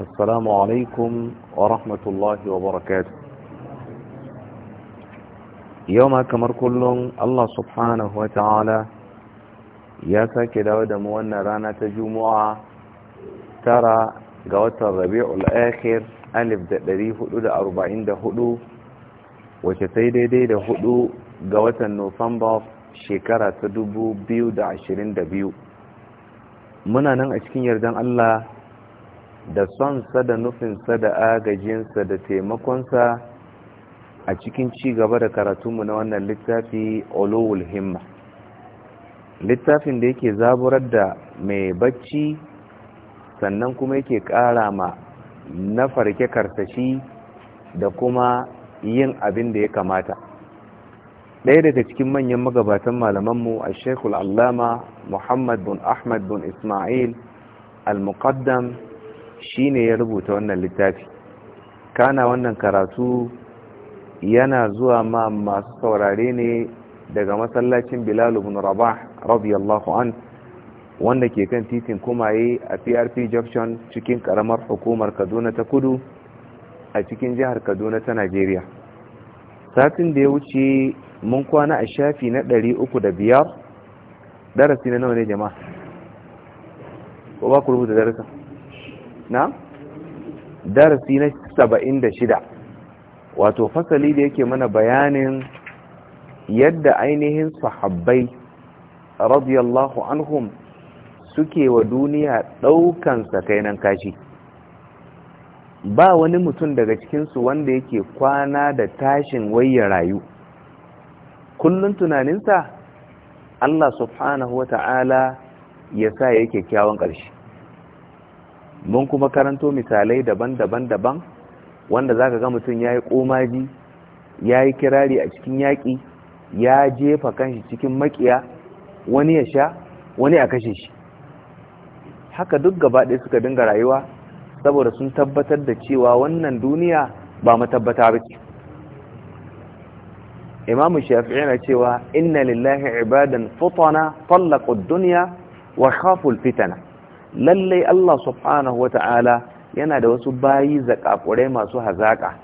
السلام عليكم ورحمة الله وبركاته يوم كمر كلهم الله سبحانه وتعالى ya sake dawo da mu wannan rana ta juma'a tara ga watan rabi'ul akhir alif da ɗari hudu da arba'in da hudu wace sai daidai da hudu ga watan nofamba shekara ta dubu biyu da ashirin da biyu muna nan a cikin yardan allah da sonsa da nufinsa da agajinsa da taimakonsa a cikin ci gaba da karatunmu na wannan littafi olowul himma littafin da yake zaburar da mai bacci sannan kuma yake ƙara ma na farke karsashi da kuma yin abin da ya kamata ɗaya daga cikin manyan magabatan malamanmu a shekul allama muhammad bin ahmad bin ismail al-muqaddam Shi ne ya rubuta wannan littafi kana wannan karatu yana zuwa ma masu saurare ne daga masallacin bilal ibn rabah radiyallahu an wanda ke kan titin kumaye a PRP junction cikin karamar hukumar Kaduna ta Kudu a cikin jihar Kaduna ta Najeriya satin da ya wuce mun kwana a shafi na ɗari darasi na nawa ne jama'a ko ba ku rubuta darasa na darasi na shida, wato fasali da yake mana bayanin yadda ainihin sahabbai radiyallahu anhum suke wa duniya ɗaukan sakainan kashi ba wani mutum daga cikinsu wanda yake kwana da tashin wayya rayu kullum tunaninsa Allah subhanahu wata'ala ya sa ya kyakkyawan ƙarshe mun kuma karanto misalai daban-daban daban wanda za ka ga mutum ya yayi komaji yi kirari a cikin yaƙi, ya jefa kanshi cikin makiya wani ya sha wani a kashe shi haka duk gaba ɗaya suka dinga rayuwa saboda sun tabbatar da cewa wannan duniya ba matabbata ba ce imam shafi'i na cewa inna lillahi ibadan futana tallaqud dunya wa khaful fitana lallai Allah subhanahu Ta'ala, yana da wasu bayi zakakurai masu hazaka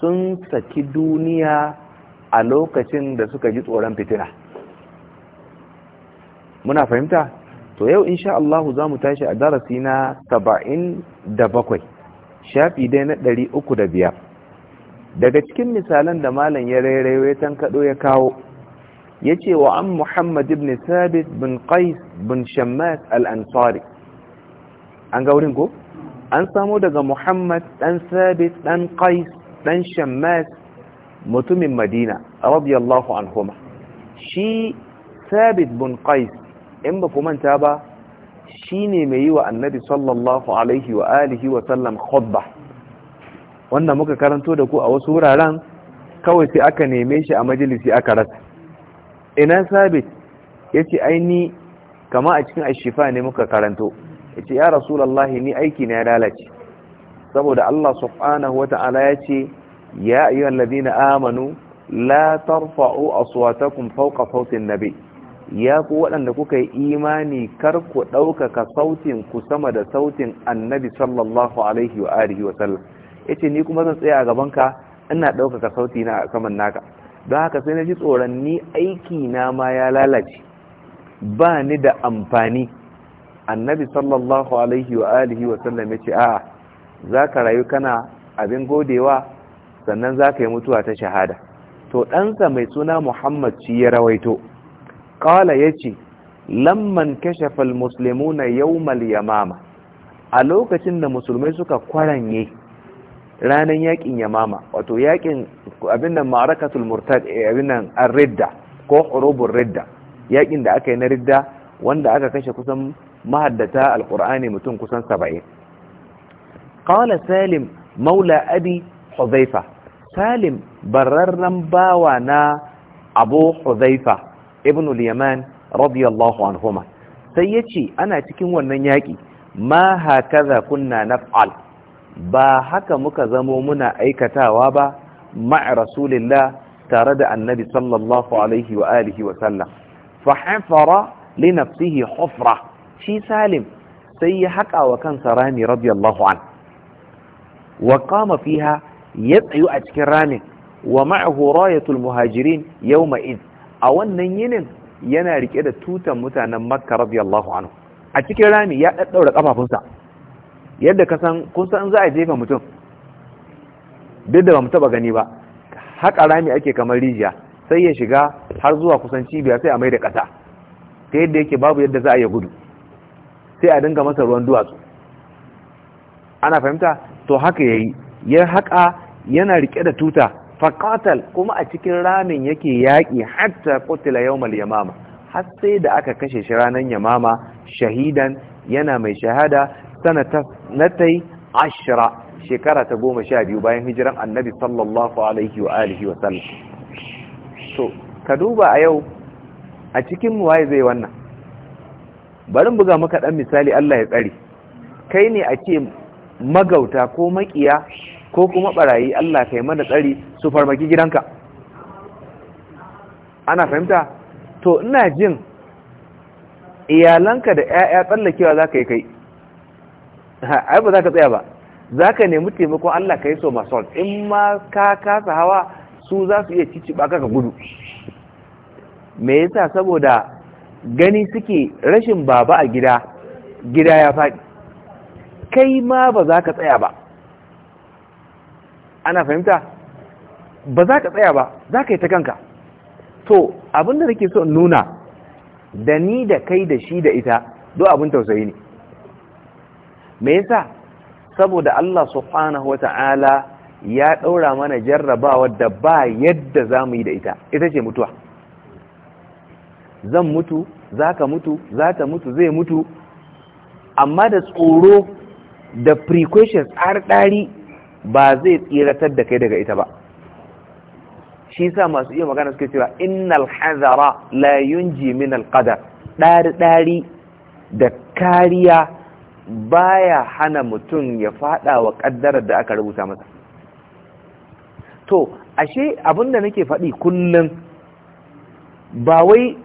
sun saki duniya a lokacin da suka ji tsoron fitina muna fahimta to yau insha Allah za mu tashi a darasi na 77 shafi dai na 305 daga cikin misalan da malam ya rairaye kado ya kawo yace wa an Muhammad ibn Thabit bin Qais bin Shammas al-Ansari an ga wurin ko an samo daga muhammad dan sabit dan qais dan shammas mutumin madina radiyallahu anhuma shi sabit bin qais in ba ku manta ba shine mai yi wa annabi sallallahu alaihi wa alihi wa sallam khutba wannan muka karanto da ku a wasu wuraren kawai sai aka neme shi a majalisi aka rasa ina sabit yace aini kama a cikin ashifa ne muka karanto ce ya rasulallah ni aiki na ya lalace saboda Allah subhanahu wata'ala yace ya ayyuhal ladina amanu la tarfa'u aswatakum fawqa sautin nabi ya ku waɗanda kuka yi imani kar ku ɗaukaka sautin ku sama da sautin annabi sallallahu alaihi wa alihi wa sallam Ya ce ni kuma zan tsaya a gaban ka ina ɗaukaka sauti na saman naka don haka sai na ji tsoron ni aiki na ma ya lalace ba ni da amfani annabi sallallahu alaihi wa alihi wa sallam yace za ka rayu kana abin godewa sannan za ka yi mutuwa ta shahada to ɗansa mai suna Muhammad ci ya rawaito qala yace lamman kashafa almuslimuna yawmal yamama a lokacin da musulmai suka kwaranye ranar yakin yamama wato yakin abin nan ma'arakatul murtad eh, abin nan ar ko hurubur ridda yakin da aka yi na ridda wanda aka kashe kusan mahaddata Alƙur'ani mutum kusan 70 qala salim maula abi huzaifa salim bararran bawa na abu huzaifa ibn al radiyallahu anhuma sai yace ana cikin wannan yaki ma hakaza kunna naf'al ba haka muka zamo muna aikatawa ba ma'a rasulillah tare da annabi sallallahu alaihi wa alihi wa sallam fa hafara li nafsihi hufra shi salim sai ya haƙa wa kansa rami radiyallahu an wa kama fiha ya tsayu a cikin ramin wa ma'ahu rayatul muhajirin yau ma'iz a wannan yinin yana rike da tutan mutanen makka radiyallahu an a cikin rami ya ɗaɗɗaura kafafunsa yadda ka san kun san za a jefa mutum duk da ba mu taɓa gani ba haƙa rami ake kamar rijiya sai ya shiga har zuwa kusan cibiya sai a mai da ƙasa ta yadda yake babu yadda za a yi gudu sai a dinga masa ruwan duwatsu ana fahimta to haka yayi ya haka yana rike da tuta faqatal kuma a cikin ramin yake yaki hatta qutila yawmal yamama har sai da aka kashe shi ranan yamama shahidan yana mai shahada sanata natai 10 shekara ta goma sha biyu bayan hijiran annabi sallallahu alaihi wa alihi wa sallam to ka duba a yau a cikin waye zai wannan Barin buga maka dan misali Allah ya tsare kai ne ake magauta ko makiya ko kuma barayi Allah kai mana tsari su farmaki gidanka ana fahimta to ina jin iyalanka da 'ya'ya tsallakewa za ka yi kai ai ba za ka tsaya ba za ka nemi taimakon Allah Kai so masu in ma ka kasa hawa su za su iya cici baka ka gudu me yasa saboda gani suke rashin baba a gida gida ya faɗi kai ma ba za ka tsaya ba ana fahimta ba za ka tsaya ba za ka yi ta kanka to abin da nake so nuna da ni da kai da shi da ita do abin tausayi ne me yasa saboda Allah subhanahu wata'ala ya ɗaura mana jarrabawa da ba yadda za mu yi da ita ita ce mutuwa zan mutu za ka mutu za ta mutu zai mutu amma da tsoro da precautions ɗari ba zai tsiratar da kai daga ita ba shi sa masu iya magana suke cewa innal hazara la yunji min alqadar dari dari da kariya baya hana mutum ya fada wa kaddarar da aka rubuta masa to ashe abinda nake faɗi kullum ba wai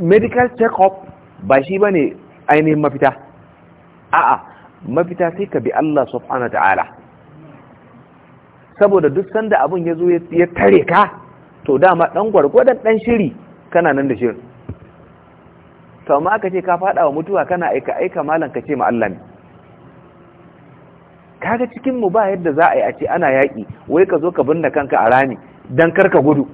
medical check-up ba shi ba ne ainihin mafita a'a mafita sai ka bi Allah subhanahu ta'ala saboda duk sanda abin ya zo ya tare ka to dama ɗan gwargwadon ɗan shiri kana nan da shirin to amma aka ce ka fada wa mutuwa kana aika aika malam ka ce ma Allah ne kaga cikin mu ba yadda za a yi a ce ana yaƙi wai ka zo ka binne kanka a rami dan karka gudu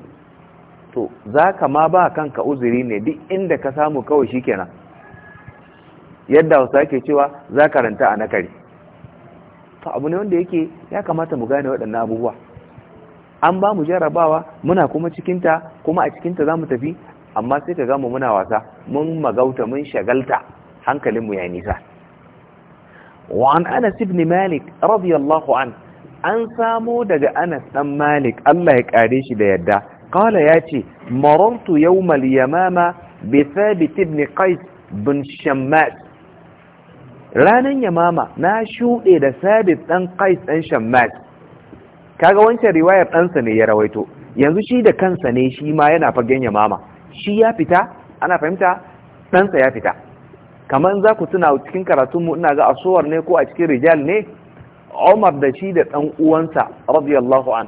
to za ka ma ba kanka uzuri ne duk inda ka samu kawai shi kenan yadda wasu ke cewa za ka ranta a nakari to abu ne wanda yake ya kamata mu gane waɗannan abubuwa an ba mu jarrabawa muna kuma cikinta kuma a cikinta za mu tafi amma sai ka gama muna wasa mun magauta mun shagalta hankalinmu ya nisa Wa an anas مالك Malik, الله an samo daga Anas dan Malik Allah ya kare shi da yadda قال ياتي مررت يوم اليمامة بثابت بن قيس بن شماس ranan yamama na shuɗe da sabit ɗan kais ɗan shammat kaga wancan riwayar ɗansa ne ya rawaito yanzu shi da kansa ne shi ma yana fagen yamama shi ya fita ana fahimta ɗansa ya fita kamar za ku tuna cikin karatunmu ina ga asuwar ne ko a cikin rijal ne umar da shi da ɗan uwansa radiyallahu an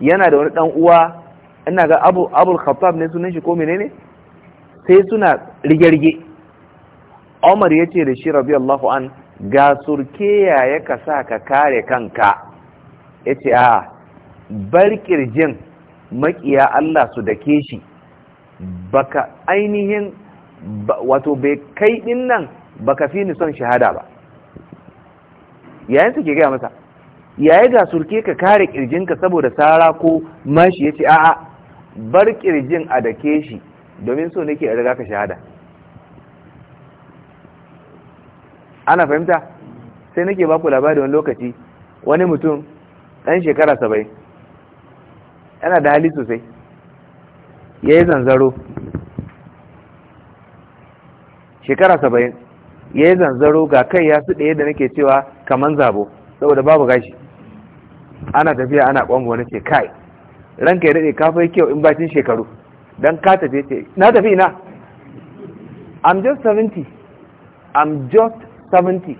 yana da wani dan uwa ina ga abu abul khattab ne sunan shi ko menene sai suna rige-rige Umar ya ce da shi radiyallahu an ga surke ya ka sa ka kare kanka ya ce a bar kirjin makiya Allah su dake shi baka ainihin wato bai kai din nan baka fi ni son shahada ba yayin ke gaya masa yayi ga surke ka kare ka saboda sara ko mashi yace a'a bar kirjin a dake shi domin so nake a riga ka shahada ana fahimta sai nake baku labari wani lokaci wani mutum ɗan shekara saba'in yana da hali sosai ya yi zanzaro shekara saba'in ya yi zanzaro ga kai ya su ɗaya da nake cewa kaman zabo saboda babu gashi ana tafiya ana kwango wani ce kai ranka ya daɗe kafai kyau in bacin shekaru don ka tafi ce na tafi na i'm just 70 i'm just 70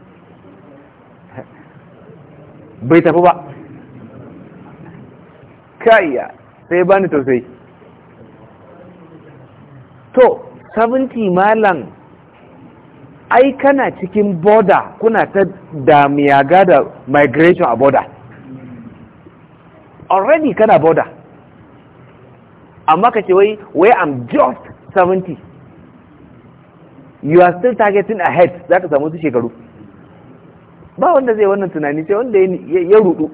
bai tafi ba ya, sai bani tausayi to 70 malam ai kana cikin border kuna ta damiyaga da migration a border already kana border amma ka ce wai wai am just 70 you are still targeting ahead za ka samu su shekaru ba wanda zai wannan tunani sai wanda ya rudu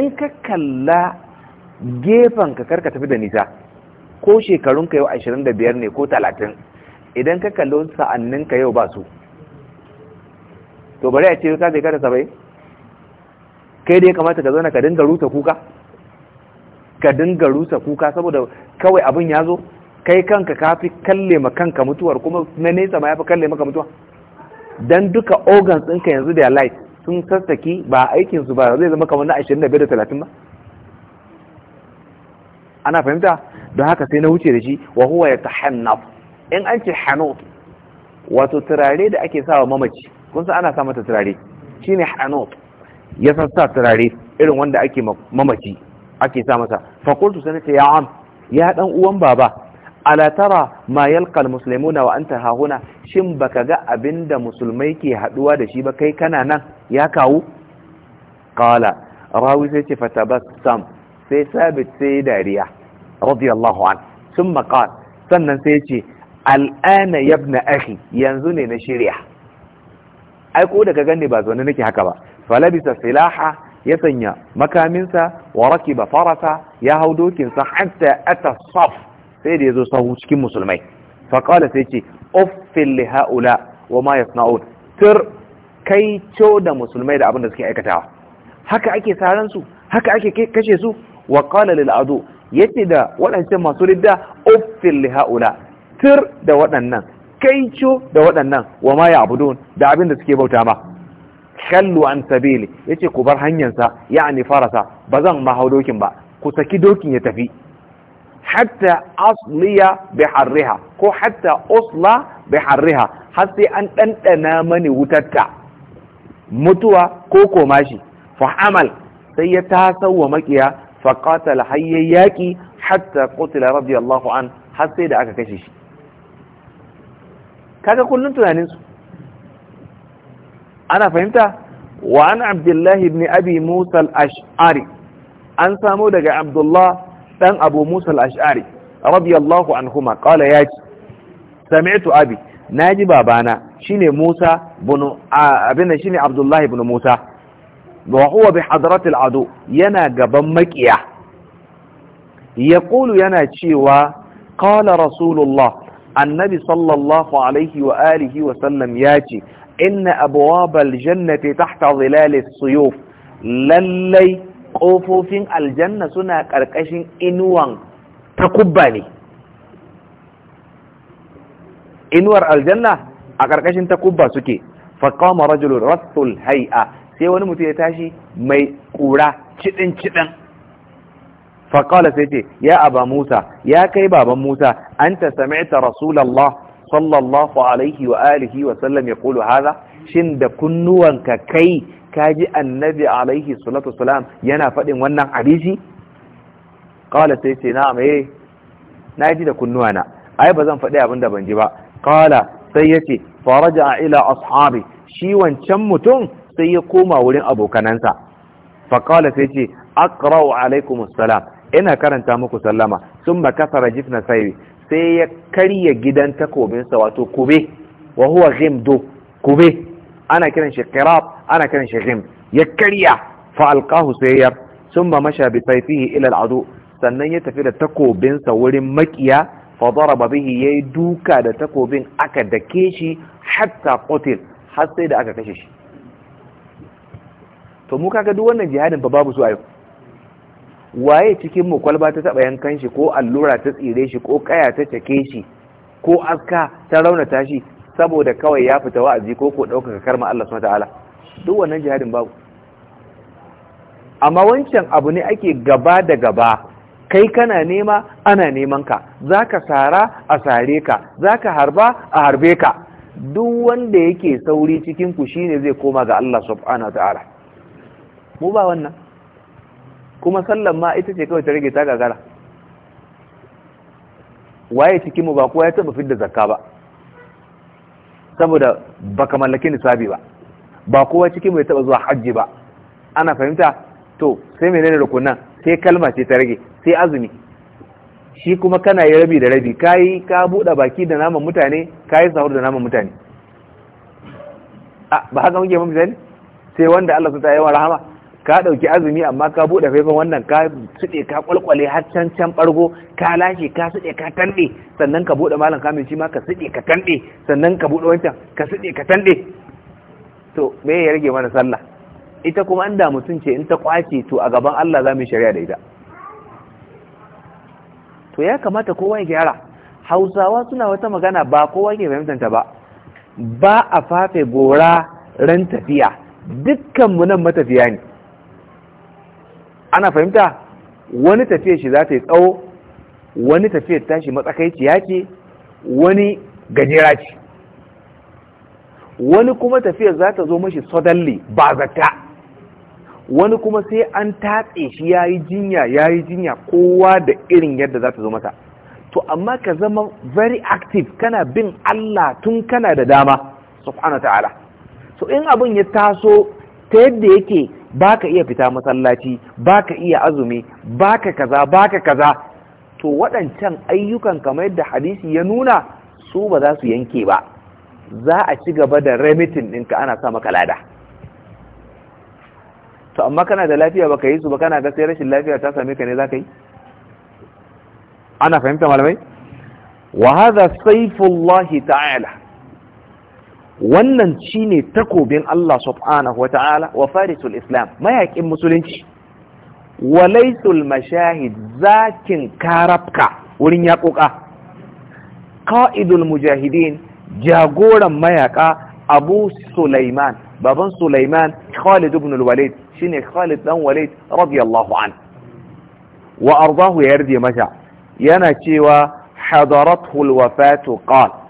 in ka kalla gefen ka karka tafi da nisa ko shekarunka yau 25 ne ko 30 idan ka kalli ka yau ba su to bari a ce ka zai kada sabai kai da ya kamata ka zana ka dinga rusa kuka ka dinga rusa kuka saboda kawai abin ya zo kai kanka ka fi kalle ma kanka mutuwar kuma na nesa ma ya fi kalle maka mutuwa dan duka organs ɗinka yanzu da light sun sassaki ba aikinsu ba zai zama kamar na 25 da 30 ba ana fahimta don haka sai na wuce da shi wa huwa ya tahannaf in an ce hanot wato turare da ake sawa mamaci kun san ana sa mata turare shine hanot ya san sa turare irin wanda ake mamaci ake sa masa fakultu ce ya am ya dan uwan baba ala tara ma yalqa almuslimuna wa anta hahuna shin baka ga abinda musulmai ke haduwa da shi ba kai kana nan ya kawo qala rawi sai ce fatabassam sai sabit sai dariya radiyallahu an thumma qala sannan sai ce al'ana yabna akhi yanzu ne na shirya ai ko daga ba zaune nake haka ba falabisa silaha ya sanya makaminsa wa rakiba farasa ya hau dokinsa hatta ata saf sai da yazo sahu cikin musulmai fa sai ce uffil li haula wa ma yasnaun tir kai co da musulmai da abin da suke aikatawa haka ake saran su haka ake kashe su wa qala lil adu yace da waɗancan masu ridda uffil li haula tir da waɗannan kai co da waɗannan wa ma ya'budun da abin da suke bauta ma Kallu an sabili yace ku bar hanyarsa ya'ani farasa Ba zan mahau dokin ba ku saki dokin ya tafi hatta asliya bi harriha ko hatta usla bi harriha har sai an dandana mani wutarta mutuwa ko koma shi fa amal sai ya tasawa makiya fa qatala hayyaki hatta qutila radiyallahu an har sai da aka kashe shi kaga kullun tunanin ana fahimta wa an abdullahi ibn abi musa al-ash'ari an samo daga abdullah dan abu musa al-ash'ari radiyallahu anhuma qala yaji sami'tu abi naji babana shine musa bin abin shine abdullahi ibn musa wa huwa bi hadratil adu yana gaban makiya yaqulu yana cewa qala rasulullah annabi sallallahu alaihi wa alihi wa sallam yace inna abwabal jannati tahta zilalis suyuf lallai ƙofofin aljanna suna karkashin inuwan takubba ne inuwar aljanna a karkashin takubba suke faqama rajulun rasul hay'a sai wani mutum ya tashi mai kura cidin cidin faqala sai ce ya aba musa ya kai baban musa anta sami'ta rasulullah sallallahu alaihi wa alihi wa sallam ya kulu haza shin da kunnuwanka kai kaji annabi alaihi salatu wasalam yana faɗin wannan hadisi qala sai ce na mai eh, na ji da kunnuwana ai ba zan faɗi abinda ban ji ba qala sai yace faraja ila ashabi shi wancan mutum sai ya koma wurin abokanansa fa qala sai ce aqra'u alaikum assalam ina karanta muku sallama sun makasara jifna sai sai ya karya gidan takobinsa wato kube wa huwa ghimdu kube ana kiran shi qirab ana kiran shi ghim ya karya fa alqahu sayyab thumma masha bi sayfihi ila al'adu sannan ya tafi da takobinsa wurin makiya fa daraba bihi yayi duka da takobin aka dake shi hatta qutil har sai da aka kashe shi to mu kaga duk wannan jihadin fa babu su a yau waye cikin mu kwalba ta taba yankan shi ko allura ta tsire shi ko kaya ta take shi ko aska ta raunata shi saboda kawai ya fita wa'azi ko ko ɗaukaka karma Allah subhanahu ta'ala duk wannan jihadin babu amma wancan abu ne ake gaba da gaba kai kana nema ana neman ka zaka sara a sare ka zaka harba a harbe ka duk wanda yake sauri cikin ku shine zai koma ga Allah subhanahu ta'ala mu ba wannan kuma sallan ma ita ce kawai ta rage ta gagara waye ciki mu ba kowa ya taba fidda zakka ba saboda baka mallaki nisabi ba ba kowa ciki mu ya taba zuwa hajji ba ana fahimta to sai menene rukunan sai kalma ce ta rage sai azumi shi kuma kana yi rabi da rabi kayi ka buɗe baki da naman mutane kayi sahur da naman mutane a ba haka muke mun misali sai wanda Allah ta yi wa rahama ka ɗauki azumi amma ka buɗe faifan wannan ka suɗe ka ƙwalƙwale har can can ɓargo ka lashe ka suɗe ka tanɗe sannan ka buɗe malam kamin shi ma ka suɗe ka tanɗe sannan ka buɗe wancan ka suɗe ka tanɗe to me ya rage mana sallah ita kuma an da mutum ce in ta ƙwace, to a gaban Allah za mu shari'a da ita to ya kamata kowa ya gyara hausawa suna wata magana ba kowa ke ta ba ba a fafe gora ran tafiya dukkanmu nan matafiya ne ana fahimta wani tafiya shi za ta yi tsawo wani tafiyar tashi matsakaici yake wani gajera ce wani kuma tafiyar za ta zo mashi suddenly ba zata wani kuma sai an tatse shi ya yi jinya ya yi jinya kowa da irin yadda za ta zo mata to amma ka zama very active kana bin Allah tun kana da dama subhanahu ta'ala so in abin ya taso ta yadda yake baka iya fita masallaci baka iya azumi baka kaza baka kaza to waɗancan ayyukan kamar yadda hadisi ya nuna su ba za su yanke ba za a ci gaba da remitin ɗinka ana sa maka lada to amma kana da lafiya ba ka yi su ba kana ga sai rashin lafiya ta same ka ne za ka yi ana fahimta malamai wa hadha sayfullahi ta'ala wannan shine takobin Allah subhanahu wata'ala wa farisul islam mayaƙin musulunci wa mashahid zakin karabka wurin yaƙuƙa qa'idul mujahidin jagoran mayaka abu sulaiman baban sulaiman khalid ibn al-walid shine khalid dan walid radiyallahu an wa ya yardi masa yana cewa hadarathu al-wafatu qala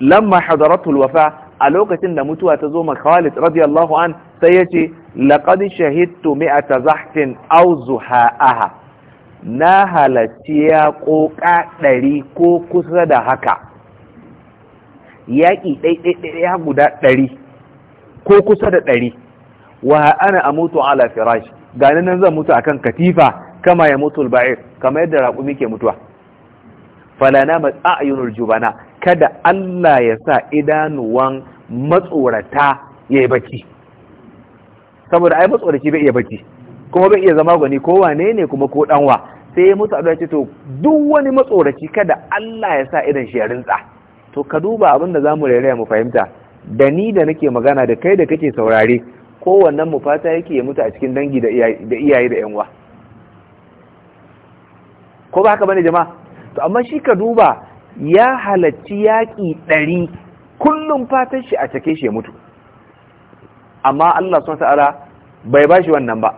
lamma hadaratul wafa a lokacin da mutuwa ta zo Khalid radiyallahu an sai yace ce laqad shahidtu mi'ata zahfin aw zuhaaha na halarci ya koka ɗari ko kusa da haka yaƙi ɗaiɗaiɗaya guda ɗari ko kusa da ɗari wa ana a mutu ala firash gani nan zan mutu akan katifa kama ya mutu ba'ir kama yadda raƙumi ke mutuwa falana matsa'ayunul jubana kada Allah ya sa idanuwan matsorata ya yi bacci saboda ai matsoraci bai iya bacci kuma bai iya zama gwani ko wane ne kuma ko danwa sai ya mutu addu'a ce to duk wani matsoraci kada Allah ya sa idan shi ya rintsa to ka duba abin da mu rairaya mu fahimta da ni da nake magana da kai da kake saurare kowannen mu fata yake ya mutu a cikin dangi da iyaye da yan uwa ko ba haka bane jama'a to amma shi ka duba ya halacci yaƙi ɗari kullum fatan shi a cake shi ya mutu amma Allah sun ta'ala bai ba shi wannan ba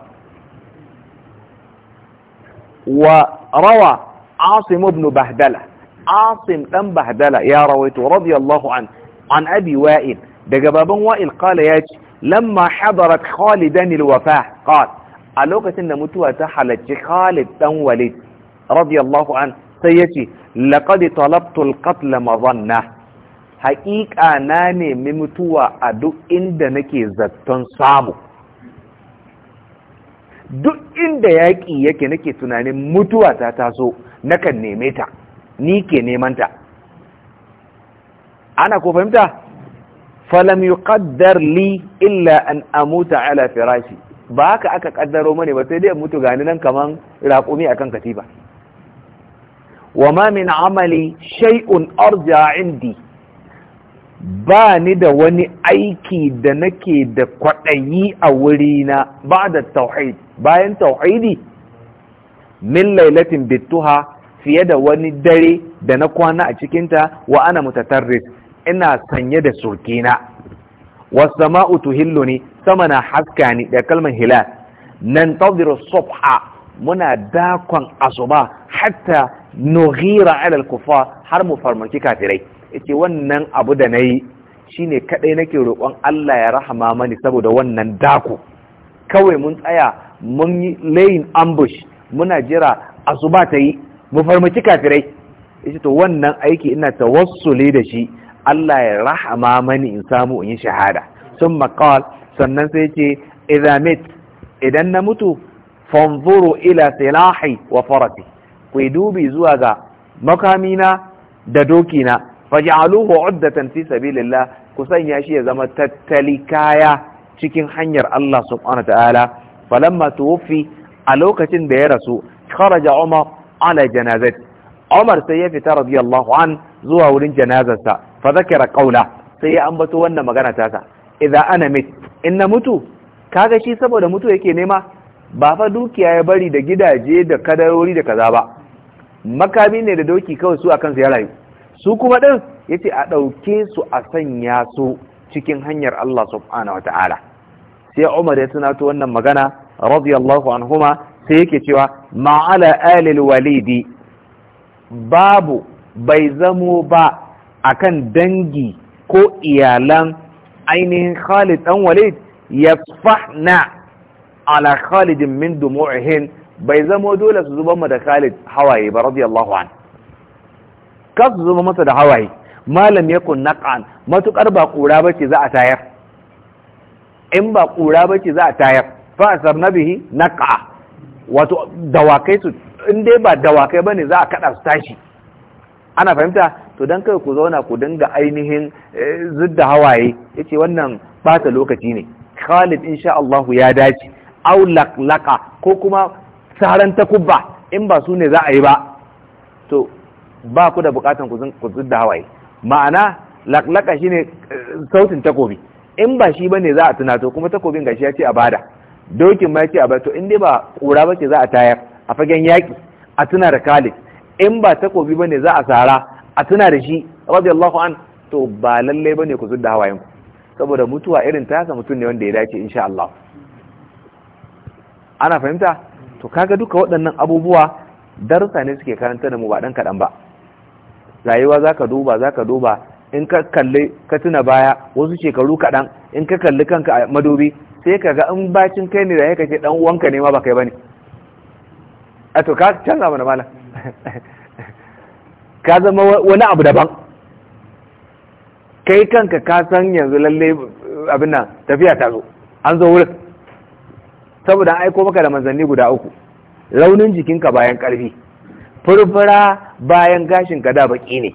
wa rawa asim ibn bahdala asim dan bahdala ya rawaito radiyallahu an an abi wa'il daga baban wa'il qala ya ce lamma hadarat khalidan alwafa qala a lokacin da mutuwa ta halacci khalid dan walid radiyallahu an sai ya ce laƙadi talabtul katla mazanna haƙiƙa na nemi mutuwa a duk inda nake zaton samu duk inda yaƙi yake nake tunanin mutuwa ta taso nakan neme ta ni ke nemanta ana ko fahimta falam ƙaddar li illa an amuta ala firashi ba haka aka ƙaddaro mani ba sai dai mutu gani nan kamar raƙumi akan katifa. wa min amali shay'un arja indi ba ni da wani aiki da nake da kwaɗayi a wurina ba da tauhid bayan tauhidi min lailatin bittuha fiye da wani dare da na kwana a cikinta wa ana mutatarris ina sanye da surkina wasu ma'utu hillo ne sama na haska ne da kalmar hilal nan tawdiru subha muna dakon asuba hatta nughira ala al har mu farmaki kafirai yace wannan abu da nayi shine kadai nake roƙon Allah ya rahama mani saboda wannan daku. kawai mun tsaya mun yi layin ambush muna jira asuba ta yi mu farmaki kafirai yace to wannan aiki ina tawassuli da shi Allah ya rahama mani in samu in yi shahada sun maqal sannan sai yace idza idan na mutu fanzuru ila silahi wa farasi ku dubi zuwa ga makamina da dokina faj'aluhu uddatan fi sabilillah ku sanya shi ya zama tattali kaya cikin hanyar Allah subhanahu ta'ala falamma tuwfi a lokacin da ya rasu kharaja Umar ala janazat Umar sai ya fita radiyallahu an zuwa wurin janazarsa fa zakara sai ya ambato wannan magana ka. idza ana mit in na mutu kaga shi saboda mutu yake nema ba fa dukiya ya bari da gidaje da kadarori da kaza ba makami ne da doki kawai su akan su ya rayu su kuma din yace a ɗauke su a sanya su cikin hanyar Allah subhanahu wataala sai Umar ya tunato wannan magana radiyallahu anhuma sai yake cewa ma'ala alil walidi babu bai zamo ba akan dangi ko iyalan ainihin Khalid dan Walid yafahna ala Khalid min dumu'ihin bai zamo dole su zuba mu da Khalid hawaye ba radiyallahu an ka su zuba masa da hawaye malam kun naqan matukar ba kura bace za a tayar in ba kura bace za a tayar fa asar bihi naqa wato dawakai su in dai ba dawakai bane za a kada su tashi ana fahimta to dan kai ku zauna ku dinga ainihin eh, zidda hawaye yace wannan bata lokaci ne Khalid insha Allah ya dace aulak laka ko kuma saran takubba in ba su ne za a yi ba to ba ku da bukatan ku da hawaye ma'ana laklaka ne eh, sautin takobi in ba shi ne za a tunato kuma takobin gashi ya ce a bada dokin ma ce a bada to in dai ba kura ce za a tayar a fagen yaki a tuna da khalid in ba takobi bane za a sara a tuna da shi radiyallahu an to ba lalle ne ku zudda hawayen ku saboda mutuwa irin ta mutum ne wanda ya dace insha Allah ana fahimta to kaga duka waɗannan abubuwa darussa ne suke karanta da mu ba ɗan kaɗan ba rayuwa za ka duba za ka duba in ka kalli ka tuna baya wasu shekaru kaɗan in ka kalli kanka a madobi sai ka ga in bacin kai ne da ya kace ɗan uwanka ne ma ba kai bane a to ka canza mana malam ka zama wani abu daban kai kanka ka san yanzu lalle abin nan tafiya ta zo an zo wurin saboda aiko maka da manzanni guda uku launin jikinka bayan ƙarfi furfura bayan gashinka da baki ne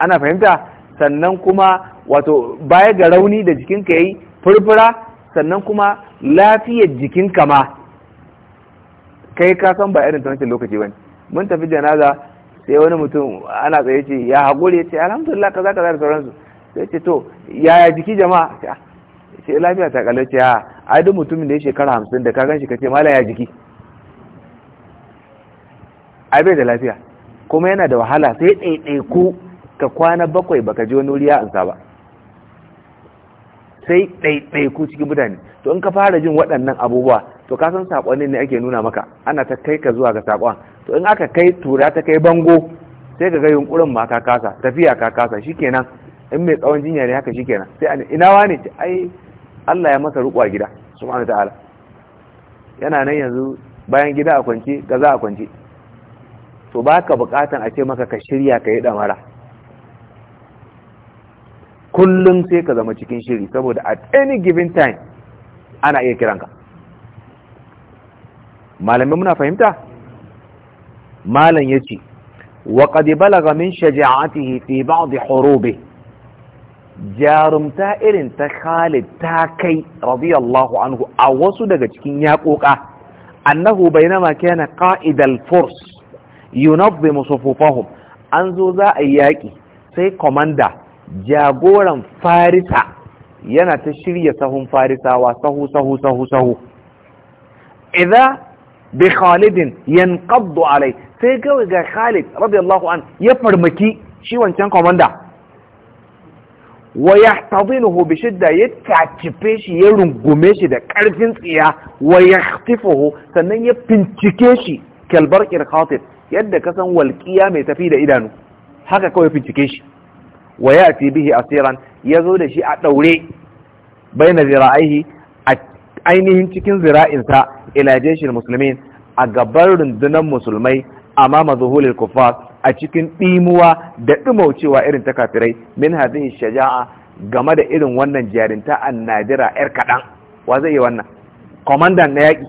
ana fahimta sannan kuma wato baya ga rauni da jikinka yayi furfura sannan kuma lafiyar jikinka ma kai ka san ba irin ta wancan lokaci bane mun tafi janaza sai wani mutum ana tsaye ce ya haƙuri ya ce alhamdulillah kaza kaza da sauransu sai ce to yaya jiki jama'a ah, sai lafiya ta kalle ce a duk mutumin da ya shekara hamsin da ka gan ka ce mala ya jiki ai bai da lafiya kuma yana da wahala sai ɗaiɗaiku ka kwana bakwai baka ji wani wuri ya ansa ba sai ɗaiɗaiku cikin mutane to in ka fara jin waɗannan abubuwa to ka san saƙonin ne ake nuna maka ana ta kai ka zuwa ga saƙon to in aka kai tura ta kai bango sai ka ga yunkurin ma ka kasa tafiya ka kasa shikenan in mai tsawon jinya ne haka shikenan sai an ina wane ai Allah ya masa ruku a gida subhanahu ta'ala yana nan yanzu bayan gida a kwance za a kwance to baka bukatan a ce maka ka shirya ka yi damara kullum sai ka zama cikin shiri saboda at any given time ana iya kiranka malamin muna fahimta malam yace wa qad balagha min shaja'atihi fi ba'd hurubihi jarumta irin ta Khalid ta kai radiyallahu anhu a wasu daga cikin yaƙoƙa annahu bainama kana al furs yunazzimu sufufahum an zo za a yaƙi sai commander jagoran farisa yana ta shirya sahun farisawa sahu sahu sahu sahu idza bi khalidin yanqaddu alai sai kawai ga Khalid radiyallahu an ya farmaki shi wancan Kwamanda. wa yahtazinuhu bi shidda ya tacife shi ya rungume shi da ƙarfin tsiya wa yahtifuhu sannan ya fincike shi kalbar irkhatib yadda ka san walƙiya mai tafi da idanu haka kawai fincike shi Waya yati bihi asiran ya zo da shi a daure baina zira'ihi a ainihin cikin zira'insa ila jeshin musulmin a gabar rundunar musulmai amama zuhulil kuffar a cikin ɗimuwa da ɗumaucewa irin ta kafirai min hadhihi shaja'a game da irin wannan jarinta a najira yar kaɗan wa zai yi wannan kwamandan na yaƙi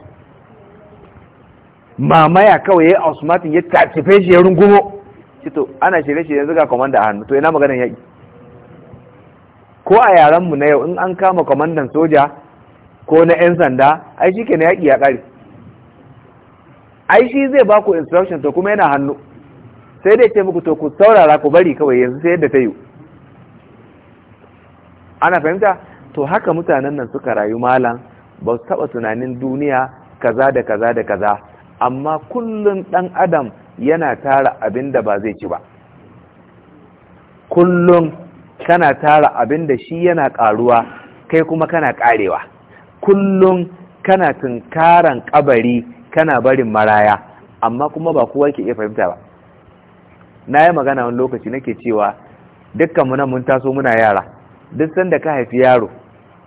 mamaya kawai ya osmatin ya tafife shi ya rungumo to ana shirye-shirye yanzu ga kwamanda a hannu to ina maganin yaƙi ko a yaranmu na yau in an kama kwamandan soja ko na 'yan sanda ai shi ke na yaƙi ya ƙare ai shi zai ba ku instruction to kuma yana hannu sai dai ce muku to ku saurara ku bari kawai yanzu sai yadda ta yi ana fahimta to haka mutanen nan suka rayu malam ba su taɓa tunanin duniya kaza da kaza da kaza amma kullum ɗan adam yana tara abin da ba zai ci ba kullum kana tara abin da shi yana ƙaruwa kai kuma kana ƙarewa kullum kana tunkaran ƙabari kana barin maraya amma kuma ba kowa ke iya fahimta ba na yi magana wani lokaci nake cewa dukkan mu nan mun taso muna yara duk sanda ka haifi yaro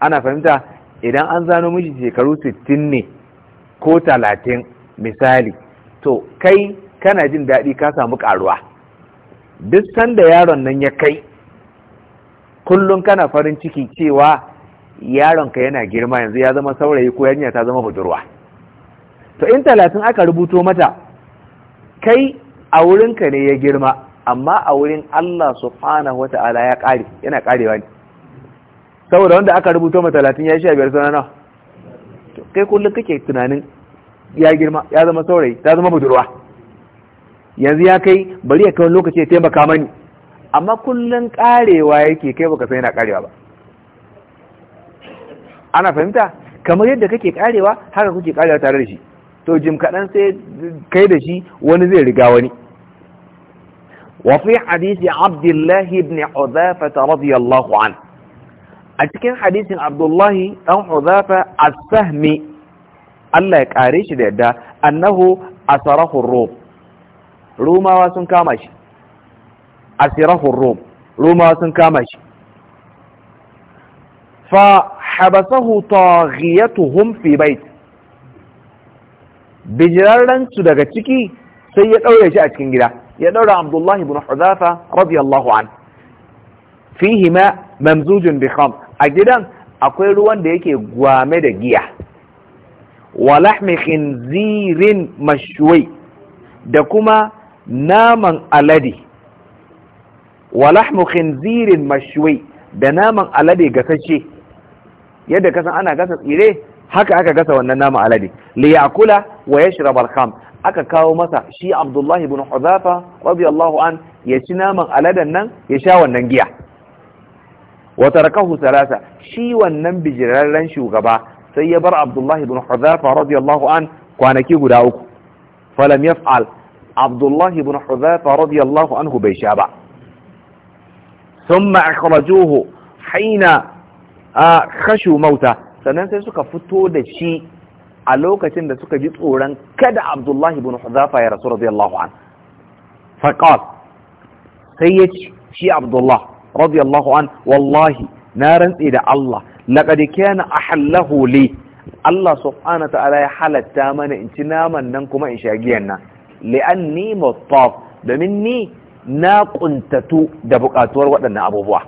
ana fahimta idan an zano miji shekaru sittin ne ko talatin misali to kai kana jin daɗi ka samu ƙaruwa duk sanda yaron nan ya kai kullum kana farin ciki cewa yaronka yana girma yanzu ya zama saurayi ko yanya ta zama budurwa to in talatin aka rubuto mata kai a wurinka ne ya girma amma a wurin Allah subhanahu ta'ala ya ƙare yana ƙarewa ne saboda wanda aka rubuto ma talatin ya a biyar sana kai kullum kake tunanin ya girma ya zama saurayi ta zama budurwa yanzu ya kai bari ya kawo lokaci ya taimaka mani amma kullum karewa yake kai baka san yana karewa ba ana fahimta kamar yadda kake karewa haka kuke karewa tare da shi to jim kaɗan sai kai da shi wani zai riga wani وفي حديث عبد الله بن حذافة رضي الله عنه أتكين حديث عبد الله أو حذافة السهم الله يكاريش ده أنه أسره الروم روما واسن كامش أسره الروم روما واسن كامش فحبسه طاغيتهم في بيت bijirarrensu daga ciki sai ya ɗaure shi a cikin gida ya daura abdullahi ibn hudafa radiyallahu an fihima mamzujun bi kham a gidan akwai ruwan da yake gwame da giya wa lahmi khinzirin da kuma naman alade wa lahmu khinzirin mashwai da naman alade gasashe yadda kasan ana gasa tsire haka aka gasa wannan naman alade liya yakula wa yashrab al-kham aka kawo masa shi abdullahi ibn huzafa radiyallahu an ya ci naman aladan nan ya sha wannan giya wa tarakahu salasa shi wannan bijirarren shugaba sai ya bar abdullahi ibn huzafa radiyallahu an kwanaki guda uku falam yaf'al abdullahi ibn huzafa radiyallahu anhu bai sha ba thumma akhrajuhu hina khashu mauta sannan sai suka fito da shi a lokacin da suka ji tsoron kada abdullahi bin huzafa ya rasu radiyallahu an faqal sai ya ce shi abdullah radiyallahu an wallahi na rantse da Allah laqad kana li Allah subhanahu ta'ala ya halatta mana in ci naman nan kuma in shagiyan nan li'anni muttaf domin ni na kuntatu da buƙatuwar waɗannan abubuwa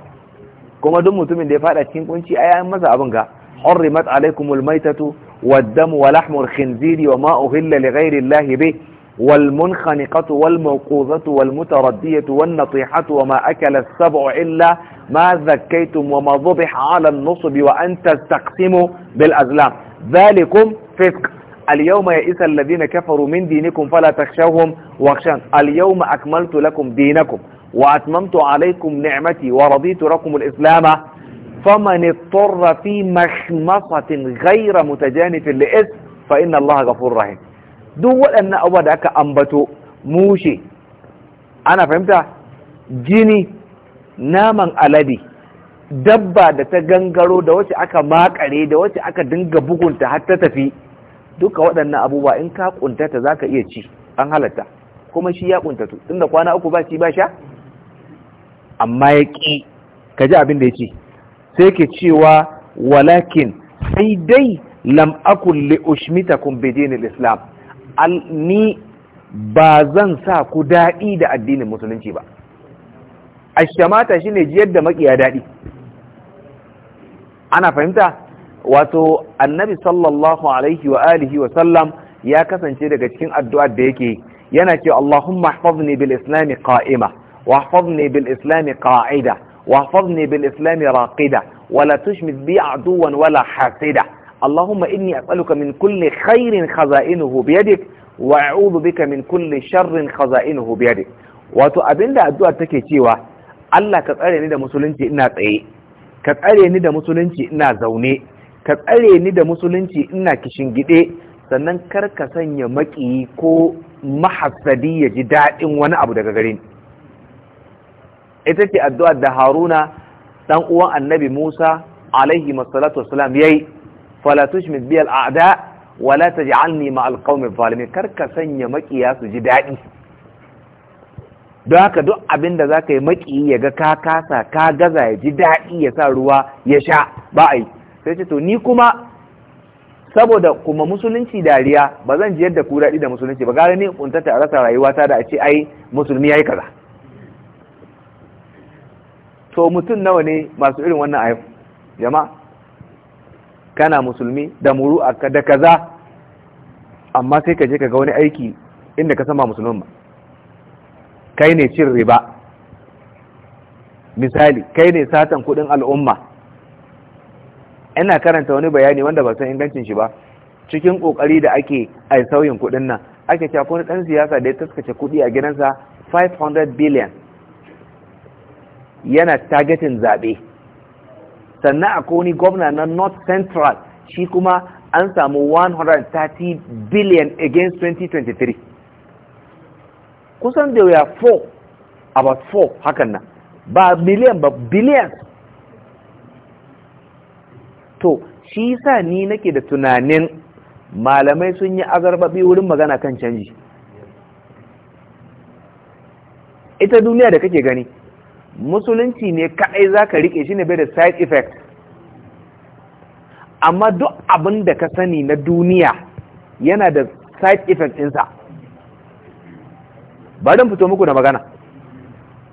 kuma duk mutumin da ya faɗa cikin kunci a an masa abin ga hurrimat alaikumul maitatu والدم ولحم الخنزير وما أهل لغير الله به والمنخنقة والموقوذة والمتردية والنطيحة وما أكل السبع إلا ما ذكيتم وما ضبح على النصب وأن تستقسموا بالأزلام ذلكم فسق اليوم يئس الذين كفروا من دينكم فلا تخشوهم واخشان اليوم أكملت لكم دينكم وأتممت عليكم نعمتي ورضيت لكم الإسلام faman ittara fi mashmasatin ghayra mutajanifin li'is fa inna duk waɗannan abubuwa da aka ambato mushe ana fahimta jini naman alade dabba da ta gangaro da wacce aka maƙare da wace aka dinga bugunta har ta tafi duka waɗannan abubuwa in ka kuntata zaka iya ci an halarta, kuma shi ya kuntatu tunda kwana uku ba ci ba sha amma ya ƙi ka ji abin da ya ci. sai ke cewa walakin sai dai lam akun li ushmitakum bidinil islam ni ba zan sa ku daɗi da addinin musulunci ba ashamata shine jiyar da makiya daɗi ana fahimta wato annabi sallallahu alaihi wa alihi wa sallam ya kasance daga cikin addu'ar da yake yana cewa Allahumma ihfazni bil islami qa'ima wa ihfazni bil islami qa'ida واحفظني بالإسلام راقدة ولا تشمت بي عدوا ولا حاسدا اللهم إني أسألك من كل خير خزائنه بيدك وأعوذ بك من كل شر خزائنه بيدك wato abin da addu'ar take cewa Allah ka tsare ni da musulunci ina tsaye ka tsare ni da musulunci ina zaune ka tsare ni da musulunci ina kishingide sannan kar ka sanya maƙiyi ko mahassadi ya ji daɗin wani abu daga gare ni ita ce addu'a da haruna dan uwan annabi musa alaihi masalatu wasalam yayi fala biyar a al'ada wala taj'alni ma alqawmi zalimin kar ka sanya makiya su ji daɗi don haka duk abin da za ka yi maki ya ga ka kasa ka gaza ya ji daɗi ya sa ruwa ya sha ba a yi sai ce to ni kuma saboda kuma musulunci dariya ba zan ji yadda ku daɗi da musulunci ba gane ni kuntata a rasa rayuwata da a ce ai musulmi yayi kaza to mutum nawa ne masu irin wannan ayyuka jama'a kana musulmi da muru da kaza amma sai ka je ka ga wani aiki inda ka sama musulman ba kai ne cin riba misali kai ne satan kudin al'umma ina karanta wani bayani wanda ba san ingancin shi ba cikin kokari da ake a sauyin kudin nan ake cewa ɗan dan siyasa da ya taskace kudi a gidansa 500 billion yana targetin zaɓe sannan a wani gwamna na north central shi kuma an samu 130 billion against 2023 kusan da ya 4 about 4 hakan nan ba miliyan ba biliyan to shi sa ni nake da tunanin malamai sun yi azarbabi wurin magana kan canji ita duniya da kake gani musulunci ne kaɗai za ka riƙe shi ne bai da side effect amma duk abin da ka sani na duniya yana da side effect ɗinsa bari fito muku da magana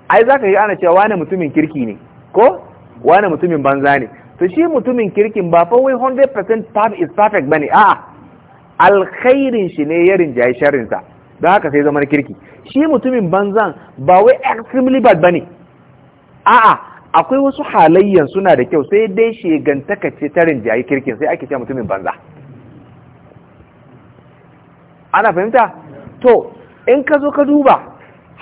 ai za ka yi ana cewa wane mutumin kirki ne ko wane mutumin banza ne to shi mutumin kirkin ba fa wai 100% part is perfect bane a'a alkhairin shi ne yarin rinjaye sharrinsa don haka sai zaman kirki shi mutumin banzan ba wai extremely bad bane a'a akwai wasu halayyan suna da kyau sai dai shegantaka ce ta rinjaye kirkin sai ake ce mutumin banza ana fahimta to in ka zo ka duba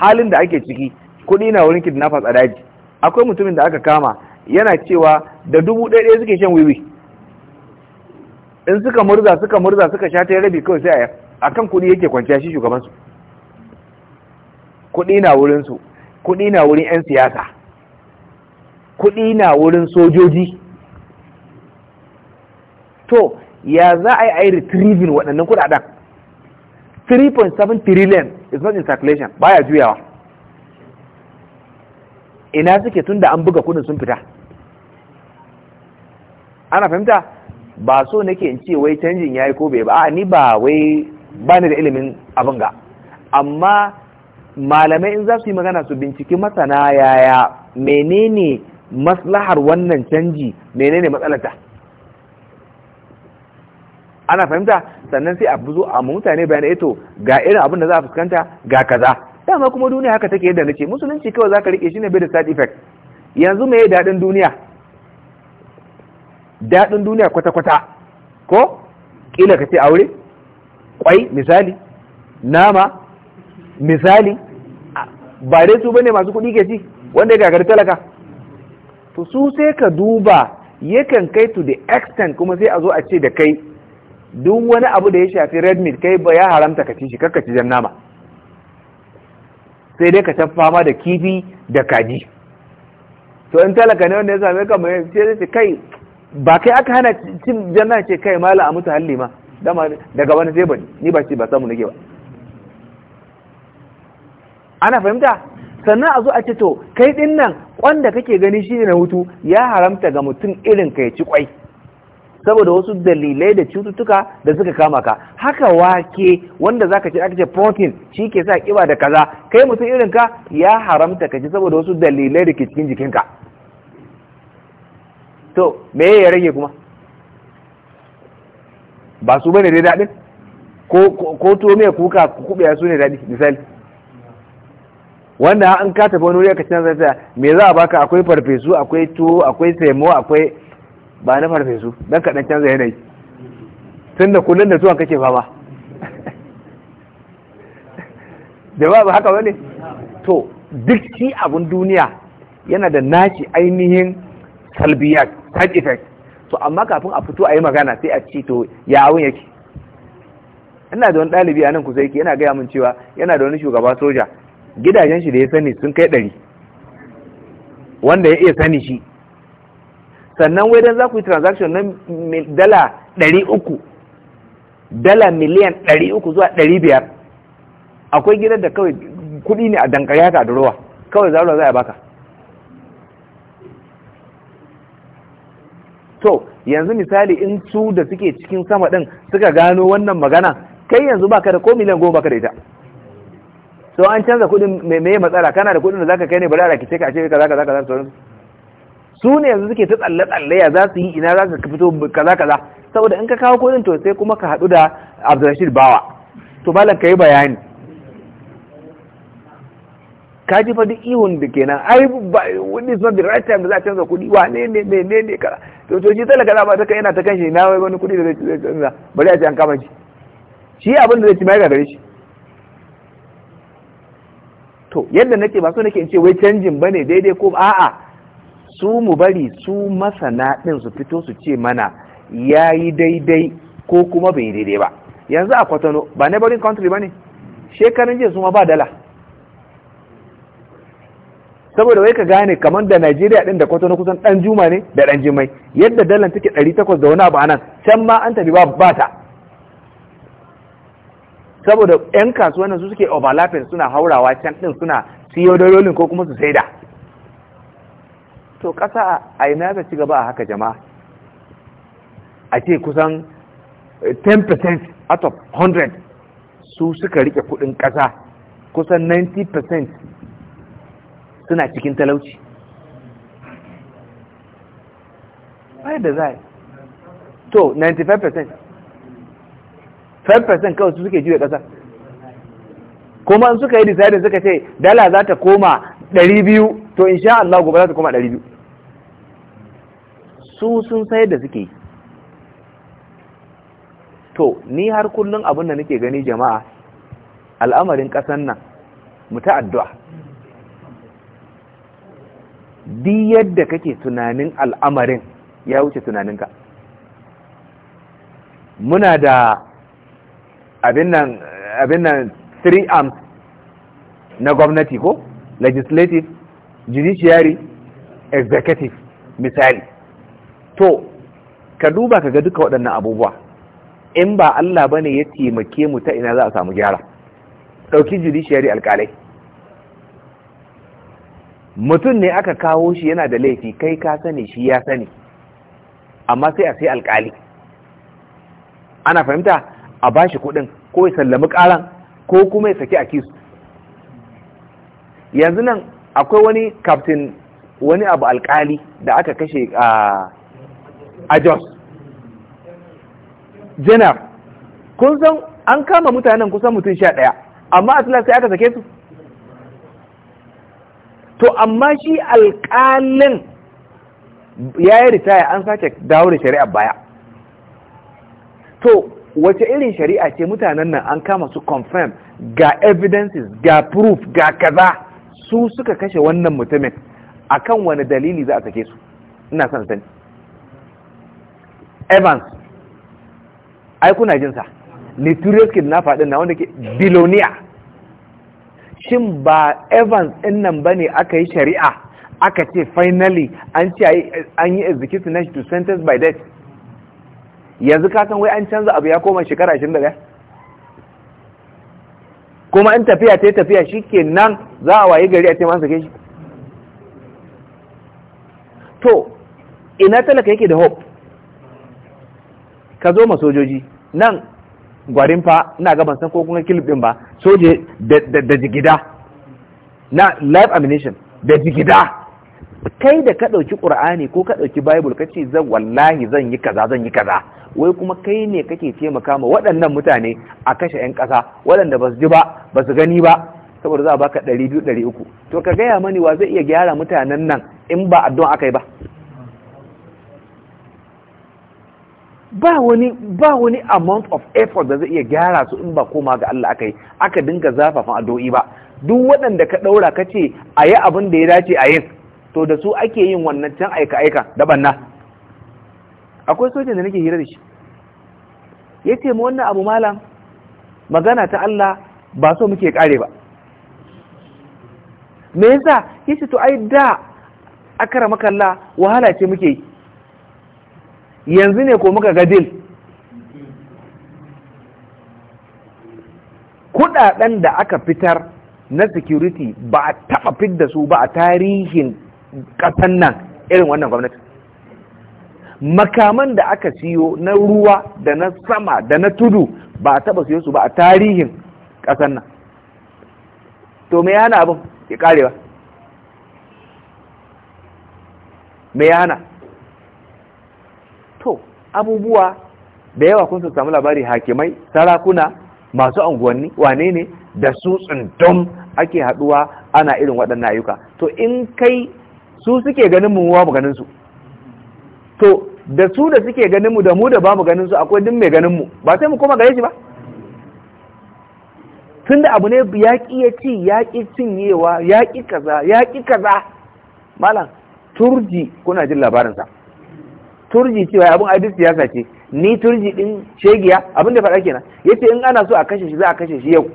halin da ake ciki kuɗi na wurin kidnappers a daji akwai mutumin da aka kama yana cewa da dubu ɗaya ɗaya suke shan wiwi in suka murza suka murza suka sha ta rabi kawai sai a kan kuɗi yake kwanciya shi shugabansu kudi na wurinsu kuɗi na wurin 'yan siyasa kuɗi na wurin sojoji to ya za a yi a yi retrieving waɗannan kuɗaɗen 3.7 trillion is not in circulation baya juyawa ina suke tun da an buga kuɗin sun fita ana fahimta ba so nake in ce wai canjin ya yi ko bai ba a ni ba wai ba ni da ilimin abin ga amma malamai in za su yi magana su binciki masana yaya menene maslahar wannan canji menene matsalata ana fahimta sannan sai a buzo a mutane bayan ito, eh ga irin abin da za a fuskanta ga kaza dama kuma duniya haka take yadda nace musulunci kawai zaka rike shi ne bai da side effect yanzu me dadin duniya dadin duniya kwata kwata ko kila ka ce aure kwai misali nama misali ba dai su bane masu kuɗi ke ci wanda ya gagari talaka Fusu sai ka duba yakan kai to the extent kuma sai a zo a ce da kai duk wani abu da ya shafi red meat kai ba ya haramta ka ci shi kakka ci jan nama sai dai ka ta fama da kifi da kaji to in talaka ne wanda ya same ka mai sai ce kai ba kai aka hana cin nama ce kai mala a mutu halli ma dama daga wani sai ba ni ba ci ba samu nake ba ana fahimta sannan a zo a ce to kai din nan kwanda kake gani shine na hutu ya haramta ga mutum irin ka ya ci kwai saboda wasu dalilai da cututtuka da suka kama ka haka wake wanda zaka ci aka ce protein shi ke sa kiba da kaza kai mutum irin ka ya haramta ka ci saboda wasu dalilai da ke cikin jikinka to me ya rage kuma ba su bane dai daɗin ko to me kuka kuɓe su ne daɗi misali wanda an ka tafi wani wuri ka canza ta me za a baka akwai farfesu akwai tuwo akwai semo akwai ba na farfesu don ka dan canza yanayi tun da kullum da zuwan kake fama Da ba haka wani to duk shi abun duniya yana da nashi ainihin salbiyat side effect to amma kafin a fito a yi magana sai a ci to ya abun yake ina da wani ɗalibi a nan kusa yake yana gaya min cewa yana da wani shugaba soja gidajen shi da ya sani sun kai ɗari wanda ya iya sani shi sannan wai don za ku yi transaction na dala ɗari uku dala miliyan ɗari uku zuwa ɗari biyar akwai gidan da kawai kuɗi ne a dankare haka a durowa kawai za a baka to yanzu misali in su da suke cikin sama ɗin suka gano wannan magana kai yanzu baka da ko miliyan goma baka da ita so an canza kuɗin mai matsala kana da kuɗin da zaka kai ne bari a rakice ka a ce kaza kaza kaza sauransu su ne yanzu suke ta tsalle tsalle ya za su yi ina za ka fito kaza kaza saboda in ka kawo kuɗin to sai kuma ka haɗu da Abdulrashid Bawa to malam yi bayani ka ji faɗi ihun da kenan ai wani is not the right time da za a canza kuɗi wa ne ne ne ne ne kaza to to shi talaka za ba ta kai yana ta kan shi na wani kuɗi da zai canza bari a ce an kama shi shi abin da zai ci mai ga gare shi to yadda nake ba so nake in ce wai canjin bane daidai ko a'a su mu bari su masana ɗin su fito su ce mana ya yi daidai ko kuma bai daidai ba yanzu a kwatano ba neighboring country ba ne shekarun jiya su ma ba dala saboda wai ka gane kamar da Najeriya din da kwatano kusan ɗan juma ne da ɗan jimai yadda dalan take ɗari takwas da wani abu anan can ma an tafi ba ta saboda yan kasuwannin su suke overlapping suna haurawa can din suna siyo da rolin ko kuma su saida to ƙasa a ina ta ci gaba a haka jama'a a ce kusan 10% out of 100 su suka rike kudin ƙasa kusan 90% suna cikin talauci bai da za to 95% 5% kawai su suke juya ƙasa kuma in suka yi decidin suka ce dala za ta koma 200 to insha Allah gobe za ta koma 200 su sun sayar da suke yi to ni har kullum abin da nake gani jama'a al'amarin ƙasan nan mu ta addu'a di yadda kake tunanin al'amarin ya wuce tunaninka muna da abin nan 3 arms na gwamnati ko legislative judiciary executive misali to ka duba ka ga duka waɗannan abubuwa in ba Allah bane ya taimake mu ta ina za a samu gyara ɗauki judiciary alƙalai mutum ne aka kawo shi yana da laifi kai ka sani shi ya sani amma sai a sai alƙali ana fahimta a ba shi kuɗin ko ya sallami karan ko kuma ya saki a kisu yanzu nan akwai wani kaftin wani abu alkali da aka kashe a jos janar kun san an kama mutanen kusan mutum sha ɗaya amma a sai aka sake su to amma shi alkalin ya yi ritaya an sake dawo da shari'a baya to wace irin shari'a ce mutanen nan an kama su confirm ga evidences ga proof ga kaza su suka kashe wannan mutumin kan wani dalili za a sake su ina son sani evans ai jinsa jinsa kid na din na wanda ke bilonia shin ba evans din nan bane aka yi shari'a aka ce finally an ce an yi execution to sentence by death yanzu kasan wai an canza abu ya koma shekara 21 kuma in tafiya ta tafiya shi ke nan za a wayi gari a ce masu shi to ina talaka yake da hope ka zo ma sojoji nan gwarin fa ina gaban san ko kuma din ba soje da jigida na live ammunition da jigida kai da ka ɗauki ƙura'ani ko ka ɗauki bible ka ce zan wallahi zan yi kaza zan yi kaza wai kuma kai ne kake taimaka ma waɗannan mutane a kashe 'yan ƙasa waɗanda ba su ji ba ba su gani ba saboda za a baka ɗari biyu ɗari uku to ka gaya mani wa zai iya gyara mutanen nan in ba addu'a aka yi ba ba wani ba wani amount of effort da zai iya gyara su in ba koma ga Allah aka yi aka dinga zafafan addu'o'i ba duk waɗanda ka ɗaura ka ce a yi abin da ya dace a yin to da su ake yin wannan can aika aika da banna akwai sojan da nake hira da shi ya ce mu wannan abu malam magana ta Allah ba so muke kare ba me yasa yace to ai da akara makalla wahala ce muke yi yanzu ne ko muka ga dil kudaden da aka fitar na security ba a taba da su ba a tarihin kasan nan irin wannan gwamnati makaman da aka siyo na ruwa da na sama da na tudu ba a taba siyo su ba a tarihin ƙasar nan to me yana abin ya karewa me yana to abubuwa da yawa kun samu labari hakimai sarakuna masu unguwanni, wane ne da su tsundum ake haɗuwa ana irin waɗannan ayyuka to in kai su suke ganin mu wa mu ganin su to da su da suke ganinmu, da mu da bamu ganin su akwai din mai ganinmu. ba sai mu koma gare shi ba tunda abu ne ya ƙi ya ci ya ki cinyewa ya ƙi kaza ya ƙi kaza malam turji kuna jin labarinsa turji cewa abin ai siyasa ce ni turji din shegiya abin da faɗa kenan yace in ana so a kashe shi za a kashe shi yau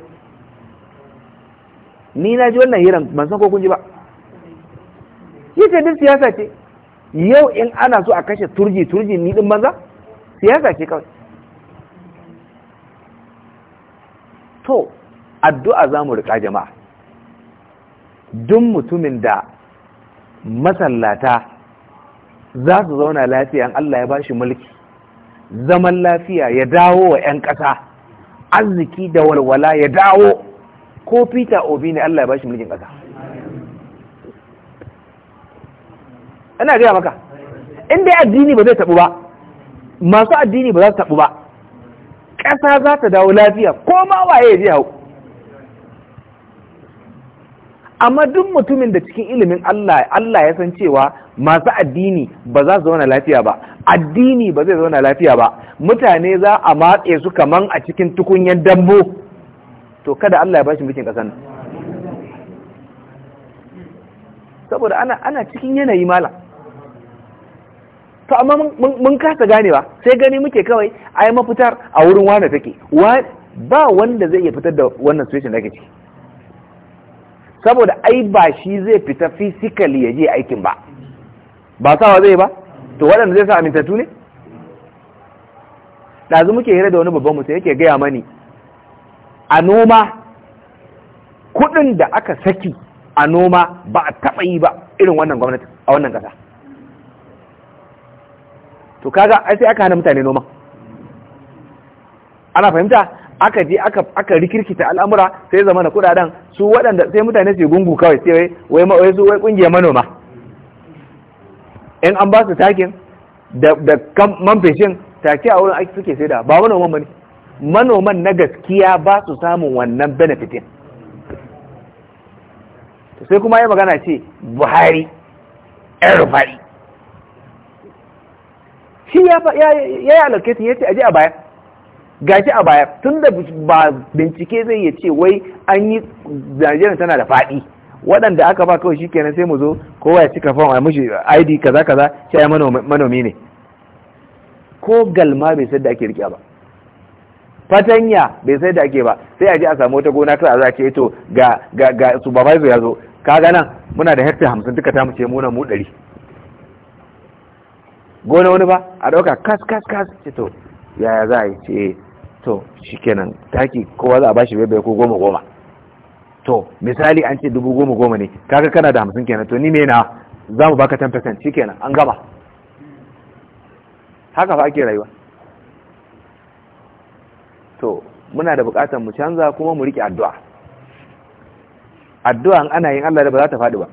ni na ji wannan hiran ban san ko kun ji ba yace duk siyasa ce yau in ana so a kashe turji turji ni din banza siyasa ce kawai to addu'a za mu riƙa jama'a duk mutumin da masallata za su zauna lafiya in Allah ya ba shi mulki zaman lafiya ya dawo wa 'yan ƙasa arziki da walwala ya dawo ko peter obi ne Allah ya ba shi mulkin ƙasa ina gaya maka in dai addini ba zai tabu ba masu addini ba za su tabu ba ƙasa za ta dawo lafiya ko ma waye ya hau amma duk mutumin da cikin ilimin Allah Allah ya san cewa masu addini ba za su zauna lafiya ba addini ba zai zauna lafiya ba mutane za a matse su kaman a cikin tukunyen dambo to kada Allah ya bashi mulkin kasan saboda ana ana cikin yanayi mala to amma mun kasa gane ba sai gani muke kawai ai mafitar a wurin wane take ba wanda zai iya fitar da wannan situation da ciki saboda ai ba shi zai fita fisikali ya je aikin ba ba sawa zai ba to waɗanda zai sa amintattu ne ɗazu muke hira da wani babban mutum yake gaya mani a noma kuɗin da aka saki a noma ba a taɓa yi ba irin wannan gwamnati a wannan ƙasa to kaga ai sai aka hana mutane noma ana fahimta aka je aka aka rikirkita al'amura sai zama na kudaden su waɗanda sai mutane su gungu kawai sai wai wai su wai kungiyar manoma in an ba su takin da da man feshin take a wurin aiki suke sai da ba manoman bane manoman na gaskiya ba su samun wannan benefitin sai kuma ya magana ce buhari yan shi ya yi alarketin ya ce aji a baya gashi a baya tun da ba bincike zai ya ce wai an yi zanjiyar tana da faɗi waɗanda aka ba kawai shikenan sai mu zo kowa ya cika fam a mushi id kaza kaza shi ya manomi ne ko galma bai sai da ake rike ba fatanya bai sai da ake ba sai a je a samu wata gona kar a za ce to ga ga ga supervisor ya zo Ka ga nan muna da hekta hamsin duka ta mu ce muna mu ɗari gona wani ba a dauka kas kas kas ce to yaya za a yi ce to shikenan taki kowa za a bashi bai ko goma goma to misali an ce dubu goma goma ne kaga kana da hamsin kenan to ni mena za mu baka 10% shikenan an gama haka fa ake rayuwa to muna da bukatar mu canza kuma mu rike addu'a addu'a ana yin Allah da ba za ta faɗi ba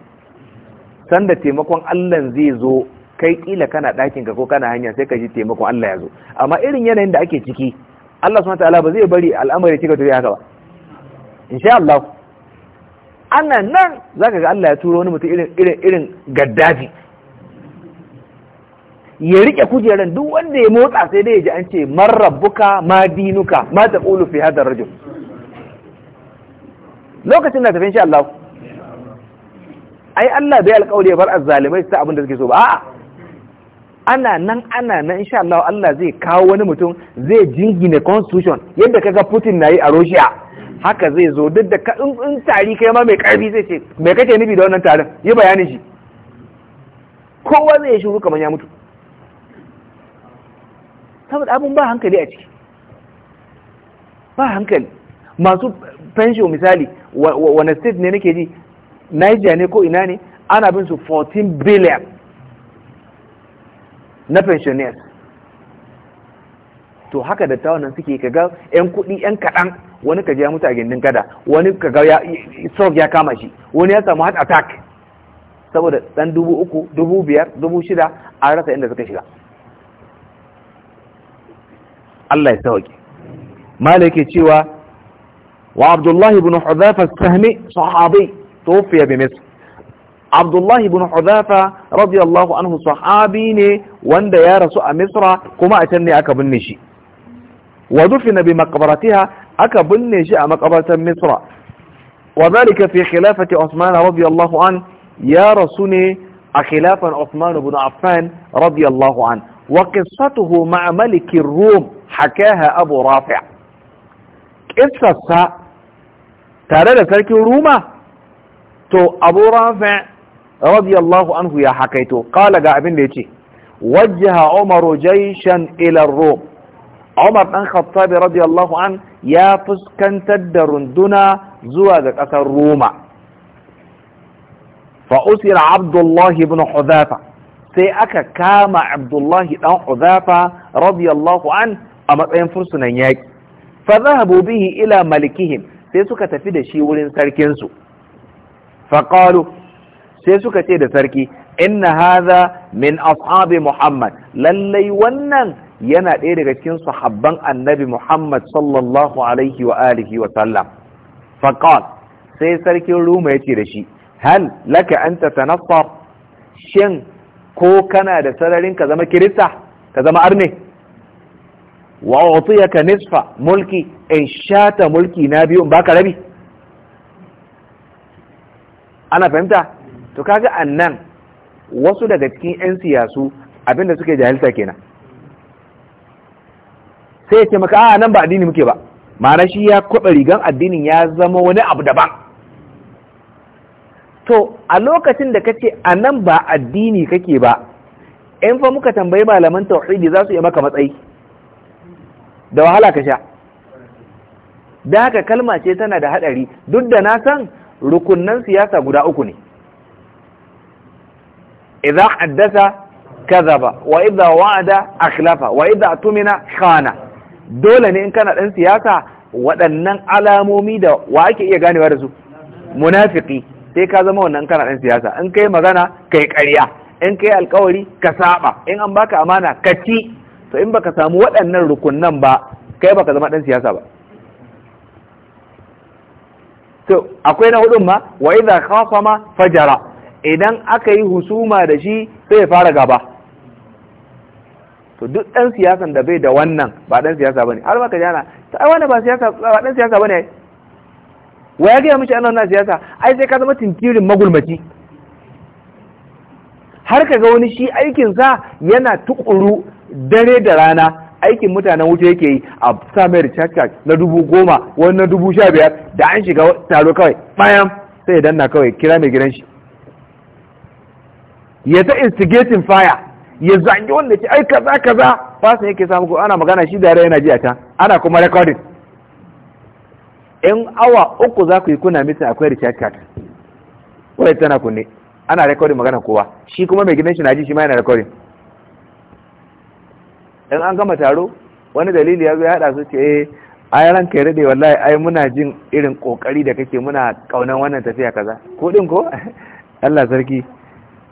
sanda taimakon Allah zai zo kai kila kana ɗakin ka ko kana hanya sai ka ji taimakon Allah ya zo amma irin yanayin da ake ciki Allah subhanahu wataala ba zai bari al'amari cika tafiya haka ba insha Allah ana nan zaka ga Allah ya turo wani mutum irin irin irin gaddafi ya rike kujeran duk wanda ya motsa sai dai ya ji an ce man rabbuka ma dinuka ma taqulu fi hadha rajul lokacin na tafi insha Allah ai Allah bai alƙawari ya bar azzalimai su ta abin da suke so ba a'a ana nan ana nan insha Allah Allah zai kawo wani mutum zai jingina constitution yadda kaga Putin nayi a Russia haka zai zo duk da in tari kai ma mai karfi zai ce mai kake nufi da wannan tarin yi bayanin shi kowa zai yi shuru kamar ya mutu saboda abun ba hankali a ciki ba hankali masu pension misali wane state ne nake ji Niger ne ko ina ne ana bin su 14 billion na pensioners to haka da nan suke kaga yan kuɗi yan kadan wani ka ya mutu a gindin kada wani kaga ya stroke ya kama shi wani ya samu heart attack saboda dan dubu uku dubu biyar dubu shida an rasa inda suka shiga Allah ya sauke ke cewa wa abdullahi ibn hudhafa sahmi sahabi tufiya bi misr عبد الله بن حذافة رضي الله عنه صحابين واند يارس مصر كما أتني أكبر نشي ودفن بمقبرتها أكبر نشي أمقبرة مصر وذلك في خلافة عثمان رضي الله عنه يا يارسني أخلافا عثمان بن عفان رضي الله عنه وقصته مع ملك الروم حكاها أبو رافع قصة ترى لسلك الرومة تو أبو رافع radiyallahu anhu ya hakaito ƙala ga abin da ya ce wajjaha umaru jaishan ila rom umar dan khattabi radiyallahu an ya fuskantar da runduna zuwa ga ƙasar roma fa usira abdullahi ibn hudhafa sai aka kama abdullahi dan hudhafa radiyallahu an a matsayin fursunan yaƙi fa zahabu ila malikihim sai suka tafi da shi wurin sarkinsu fa qalu sai suka ce da sarki inna haza min ashabi muhammad lallai wannan yana ɗaya daga cikin sahabban annabi muhammad sallallahu alaihi wa alihi wa sallam faqal sai sarkin ruma ce da shi hal laka an tatanassar shin ko kana da sararin ka zama kirista ka zama arne wa utiyaka nisfa mulki in shata mulki na biyu in baka rabi ana fahimta to kaga annan wasu daga cikin 'yan siyasu abinda suke jahilta kenan sai ya ce maka a nan ba addini muke ba ma'ana shi ya kwaɓa rigan addinin ya zama wani abu daban to a lokacin da kace a nan ba addini kake ba in fa muka tambayi malaman tauhidi za su yi maka matsayi da wahala ka sha da haka kalma ce tana da haɗari duk da na san rukunnan siyasa guda uku ne idza haddasa kazaba wa idza wa'ada akhlafa wa idza atumina khana dole ne in kana dan siyasa waɗannan alamomi da wa ake iya ganewa da su munafiki sai ka zama wannan kana dan siyasa in kai magana kai ƙarya in kai alkawari ka saba in an baka amana ka ci to in baka samu waɗannan rukunnan ba kai baka zama dan siyasa ba akwai na hudun ma wa idza khasama fajara idan aka yi husuma da shi sai ya fara gaba to duk ɗan siyasan da bai da wannan ba ɗan siyasa bane har ka jana ta wani ba siyasa ba ɗan siyasa bane wa ya gaya mishi ana wannan siyasa ai sai ka zama tinkirin magulmaci har ka ga wani shi aikinsa yana tukuru dare da rana aikin mutanen wuce yake yi a samar da na dubu goma wani na dubu sha biyar da an shiga taro kawai bayan sai ya danna kawai kira mai gidan shi ya ta instigating fire ya zangi wanda ke ai kaza kaza fasin yake samu ana magana shi da yana ji a can ana kuma recording in awa uku za ku yi kuna mita akwai recharge card wai tana kunne ana recording magana kowa shi kuma mai gidan shi na ji shi ma yana recording in an gama taro wani dalili ya zo ya hada su ce eh ai ranka ya rade wallahi ai muna jin irin kokari da kake muna kaunan wannan tafiya kaza ko din ko Allah sarki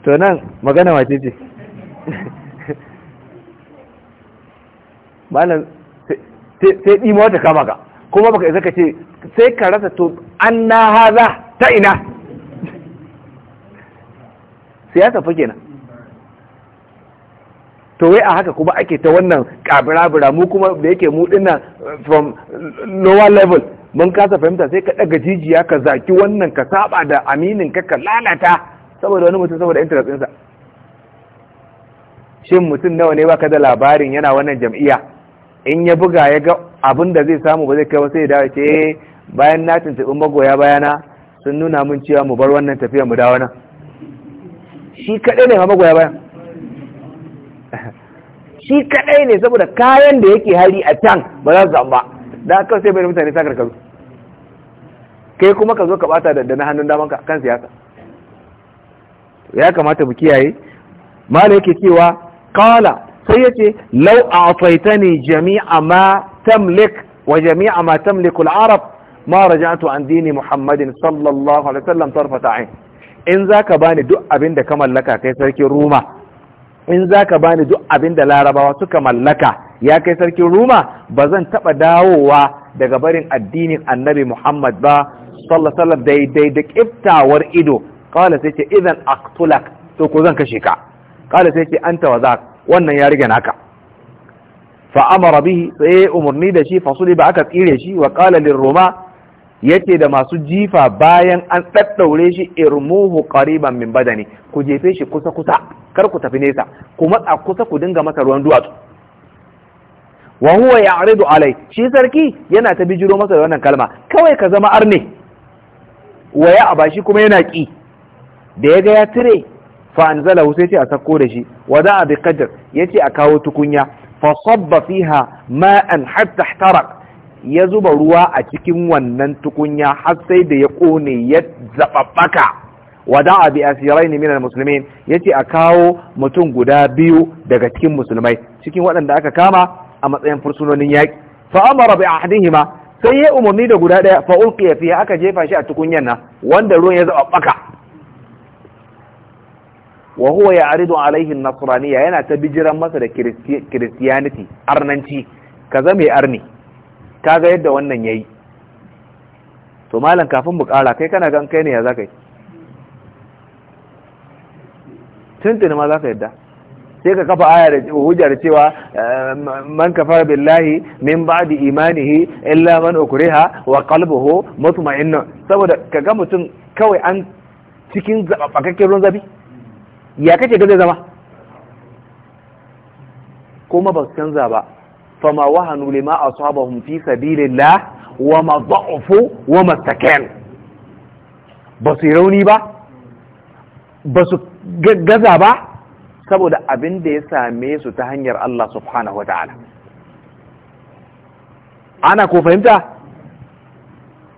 to nan magana wace ce malam sai ɗima wata kama ka kuma baka isa ka ce sai ka rasa to an na haza ta ina siyasa fa kenan to wai a haka kuma ake ta wannan kabirabira mu kuma da yake mu dinna from lower level mun kasa fahimta sai ka daga jijiya ka zaki wannan ka saba da aminin ka ka lalata saboda wani mutum saboda interest ɗinsa shin mutum nawa ne baka da labarin yana wannan jam'iyya in ya buga ya ga abin da zai samu ba zai kai ba sai ya dawo ce eh, bayan na tuntuɓi magoya bayana sun nuna mun cewa mu bar wannan tafiya mu dawo nan shi kaɗai ne ma magoya bayan shi kaɗai ne saboda kayan da yake hari a can ba za su zan ba da kawai sai bai mutane sakar kazo kai kuma ka zo ka bata da na hannun damanka kan siyasa ya kamata mu kiyaye malai yake cewa qala sai a law a'taytani jami'a ma tamlik wa jami'a ma tamliku arab ma raja'tu an dini muhammadin sallallahu alaihi wasallam tarfata ain in za ka bani duk abin da ka mallaka kai sarkin ruma in za ka bani duk abin da larabawa suka mallaka ya kai sarkin ruma ba zan taba dawowa daga barin addinin annabi muhammad ba sallallahu alaihi wasallam daidai da kiftawar ido qala sai ce idan aqtulak to ko zan kashe ka qala sai ce anta wa wannan ya riga naka fa amara bihi sai umurni da shi fasuli ba aka tsire shi wa qala Ya yace da masu jifa bayan an daddaure shi irmuhu qariban min badani ku jefe shi kusa kusa kar ku tafi nesa ku matsa kusa ku dinga masa ruwan duwatsu wa huwa ya'ridu alai shi sarki yana ta bijiro masa da wannan kalma kawai ka zama arne wa ya abashi kuma yana ki da ya ga ya tire fa anzalahu sai ce a sako da shi wada abi ya yace a kawo tukunya fa sabba fiha ma'an hatta ihtarak ya zuba ruwa a cikin wannan tukunya har sai da ya kone ya zababbaka wada abi asirain min ya yace a kawo mutum guda biyu daga cikin musulmai cikin waɗanda aka kama a matsayin fursunonin yaƙi fa amara bi ahadihima sai ya umarni da guda ɗaya fa ulqiya fiha aka jefa shi a tukunyan nan wanda ruwan ya zababbaka wa huwa aridu alaihi nasraniya yana ta bijiran masa da kiristiyaniti arnanci kaza mai arni kaga yadda wannan yayi to malam kafin mu kai kana gan kai ne ya zaka yi tuntuni ma zaka yadda sai ka kafa aya da hujjar cewa eh, man kafara billahi min ba'di imanihi illa man ukriha wa qalbuhu mutma'innun saboda kaga mutum kawai an cikin zabakakken ruwan zabi ya kace ga zai zama kuma ba su canza ba fama wahanu lima asabahum fi sabilillah wa ma dha'fu wa ma ba su yi rauni ba ba su gaza ba saboda abin da ya same su ta hanyar Allah subhanahu wata'ala ana ko fahimta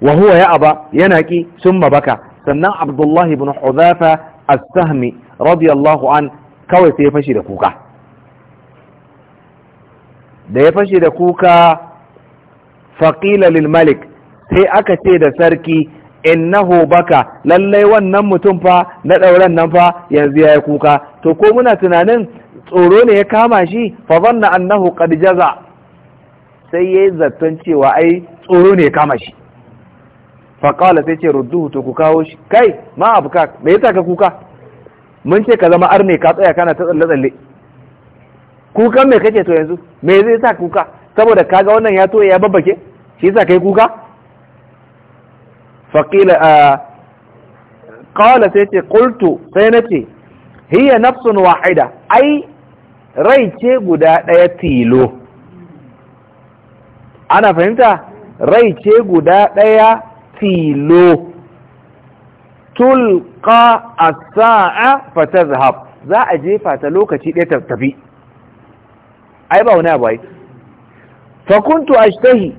wa huwa ya aba yana ki sun baka sannan abdullahi ibn hudhafa as-sahmi radiyallahu an kawai sai ya fashe da kuka da ya fashe da kuka faƙila lil malik sai aka ce da sarki innahu baka lallai wannan mutum fa na ɗauren nan fa yanzu ya yi kuka to ko muna tunanin tsoro ne ya kama shi fa zanna annahu qad jaza sai yayi zaton cewa ai tsoro ne ya kama shi fa qala sai ce rudduhu to ku kawo shi kai ma abuka me yasa ka kuka mun ce ka zama arne ka tsaya kana ta tsalle-tsalle kukan me kake to yanzu me zai sa kuka saboda kaga wannan ya to ya babbake shi yasa kai kuka faqila qala sai ce qultu sai na ce. hiya nafsun wahida ai rai ce guda daya tilo ana fahimta rai ce guda daya tilo Tulka a saa fata zahab, za a jefa ta lokaci ɗaya ta tafi ai ba wani abai fa kuntu ashtahi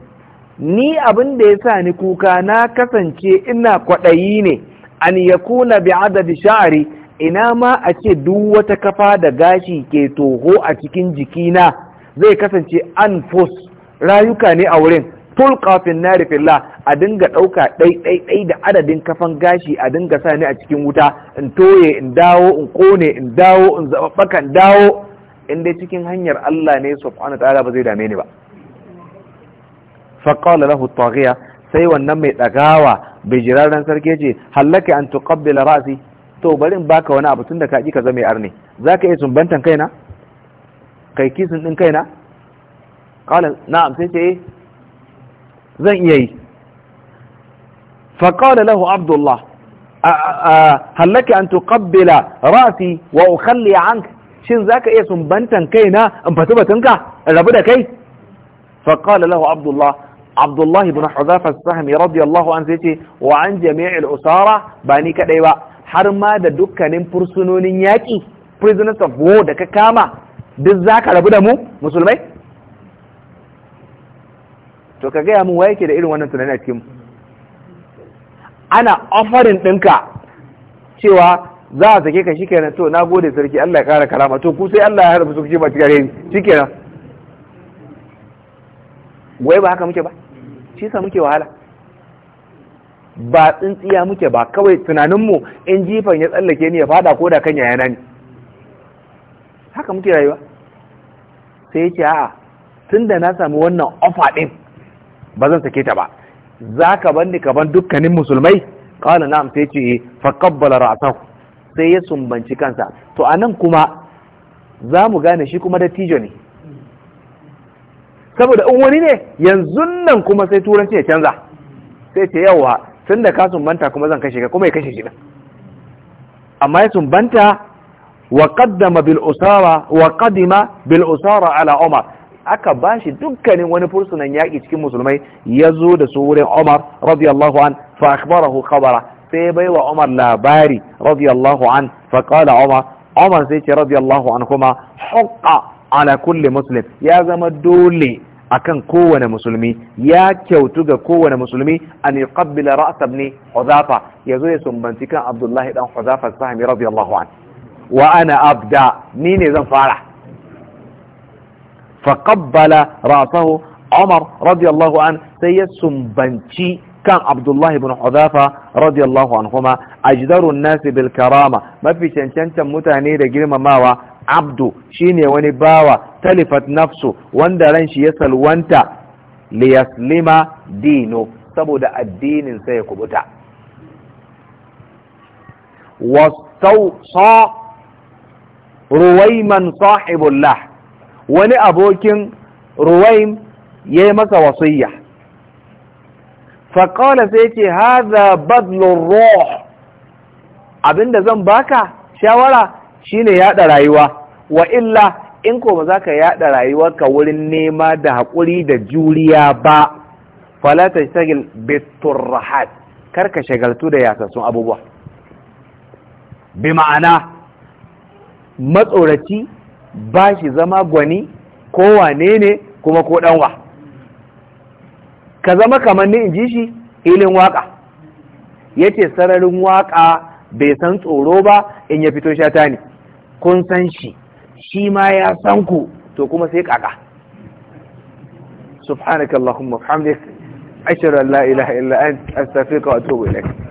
ni abin da ya sa ni kuka na kasance ina kwaɗayi ne an kuna bi adadi sha'ari ina ma a ce duk wata kafa da gashi ke toho a cikin jikina zai kasance an fos rayuka ne a wurin tulka fin nari filla, a dinga ɗauka ɗaiɗaiɗai ɗai da adadin kafan gashi a dinga sa ni a cikin wuta in toye in dawo in kone in dawo in zababbaka in dawo in dai cikin hanyar Allah ne subhanahu ta'ala ba zai dame ni ba fa qala lahu sai wannan mai dagawa bai ran sarki ce hallaka an tuqabbila ra'si to bari in baka wani abu tunda ka ji ka zama arne zaka iya sumbantan kaina kai kisin din kaina qala na'am sai ce eh, zan iya yi faƙaɗa lahu abdullah hallaka an tuqabbila rasi wa ukhalli ank shin zaka iya sumbantan kaina in fatu batunka in rabu da kai faƙaɗa lahu abdullah abdullah ibn huzafa as-sahmi an anhu wa an jami'il usara ba ni kadai ba har ma da dukkanin fursunonin yaƙi prisoners of war da ka kama duk zaka rabu da mu musulmai to ka gaya mun waye ke da irin wannan tunani a cikin ana ofarin ɗinka cewa za a sake ka kenan to na gode sarki Allah ya kara karama to ku sai Allah ya harba su kuce ba cikin rai shikenan wai ba haka muke ba shi sa muke wahala ba tsintsiya muke ba kawai tunaninmu in jifan ya tsallake ni ya fada ko da kan yayana ne haka muke rayuwa sai ya ce a'a tunda na sami wannan ofa ɗin ba zan sake ta ba zaka banni ka ban dukkanin musulmai qala na'am sai ce fa qabbala ra'sahu sai ya sumbanci kansa to a nan kuma za mu gane shi kuma dattijo ne saboda in wani ne yanzu nan kuma sai turanci ya canza sai ce yawa tun da ka sumbanta kuma zan kashe ka kuma ya kashe shi nan amma ya sumbanta wa qaddama bil usara wa qadima bil usara ala umar aka bashi dukkanin wani fursunan yaƙi cikin musulmai ya zo da su wurin Umar radiyallahu an fa akhbarahu khabara sai bai wa Umar labari radiyallahu an fa qala Umar Umar sai ce radiyallahu an kuma haqqa ala kulli muslim ya zama dole akan kowane musulmi ya kyautu ga kowane musulmi an yuqabbila ra'sa ibn Huzafa yazo ya sumbanci kan Abdullahi dan Huzafa sahmi radiyallahu an wa ana abda ni ne zan fara فقبل رأسه عمر رضي الله عنه سيسم بنتي كان عبد الله بن حذافة رضي الله عنهما أجدر الناس بالكرامة ما في شنشنشن متاني رجل ما ماوا عبد شيني ونباوا تلفت نفسه لنش يسأل وانت ليسلم دينه تبدا الدين سيكبتا واستوصى رويما صاحب الله wani abokin ruwaim ya yi maka wasiyya faƙala sai ce haza badlun roh abinda zan baka shawara shine yada rayuwa wa illa in ko ba za ka yada ka wurin nema da haƙuri da juriya ba falata shagil rahat karka shagaltu da yasassun abubuwa bi ma'ana matsoraci ba shi zama gwani ko wane ne kuma ko ɗanwa ka zama kamar ni in ji shi ilin waƙa. Ya ce sararin waƙa bai san tsoro ba in ya fito shata ne kun san shi shi ma ya san ku to kuma sai kaka subhanakallahumma wa bihamdik ashhadu an la ilaha illa anta astaghfiruka wa tobe ilaik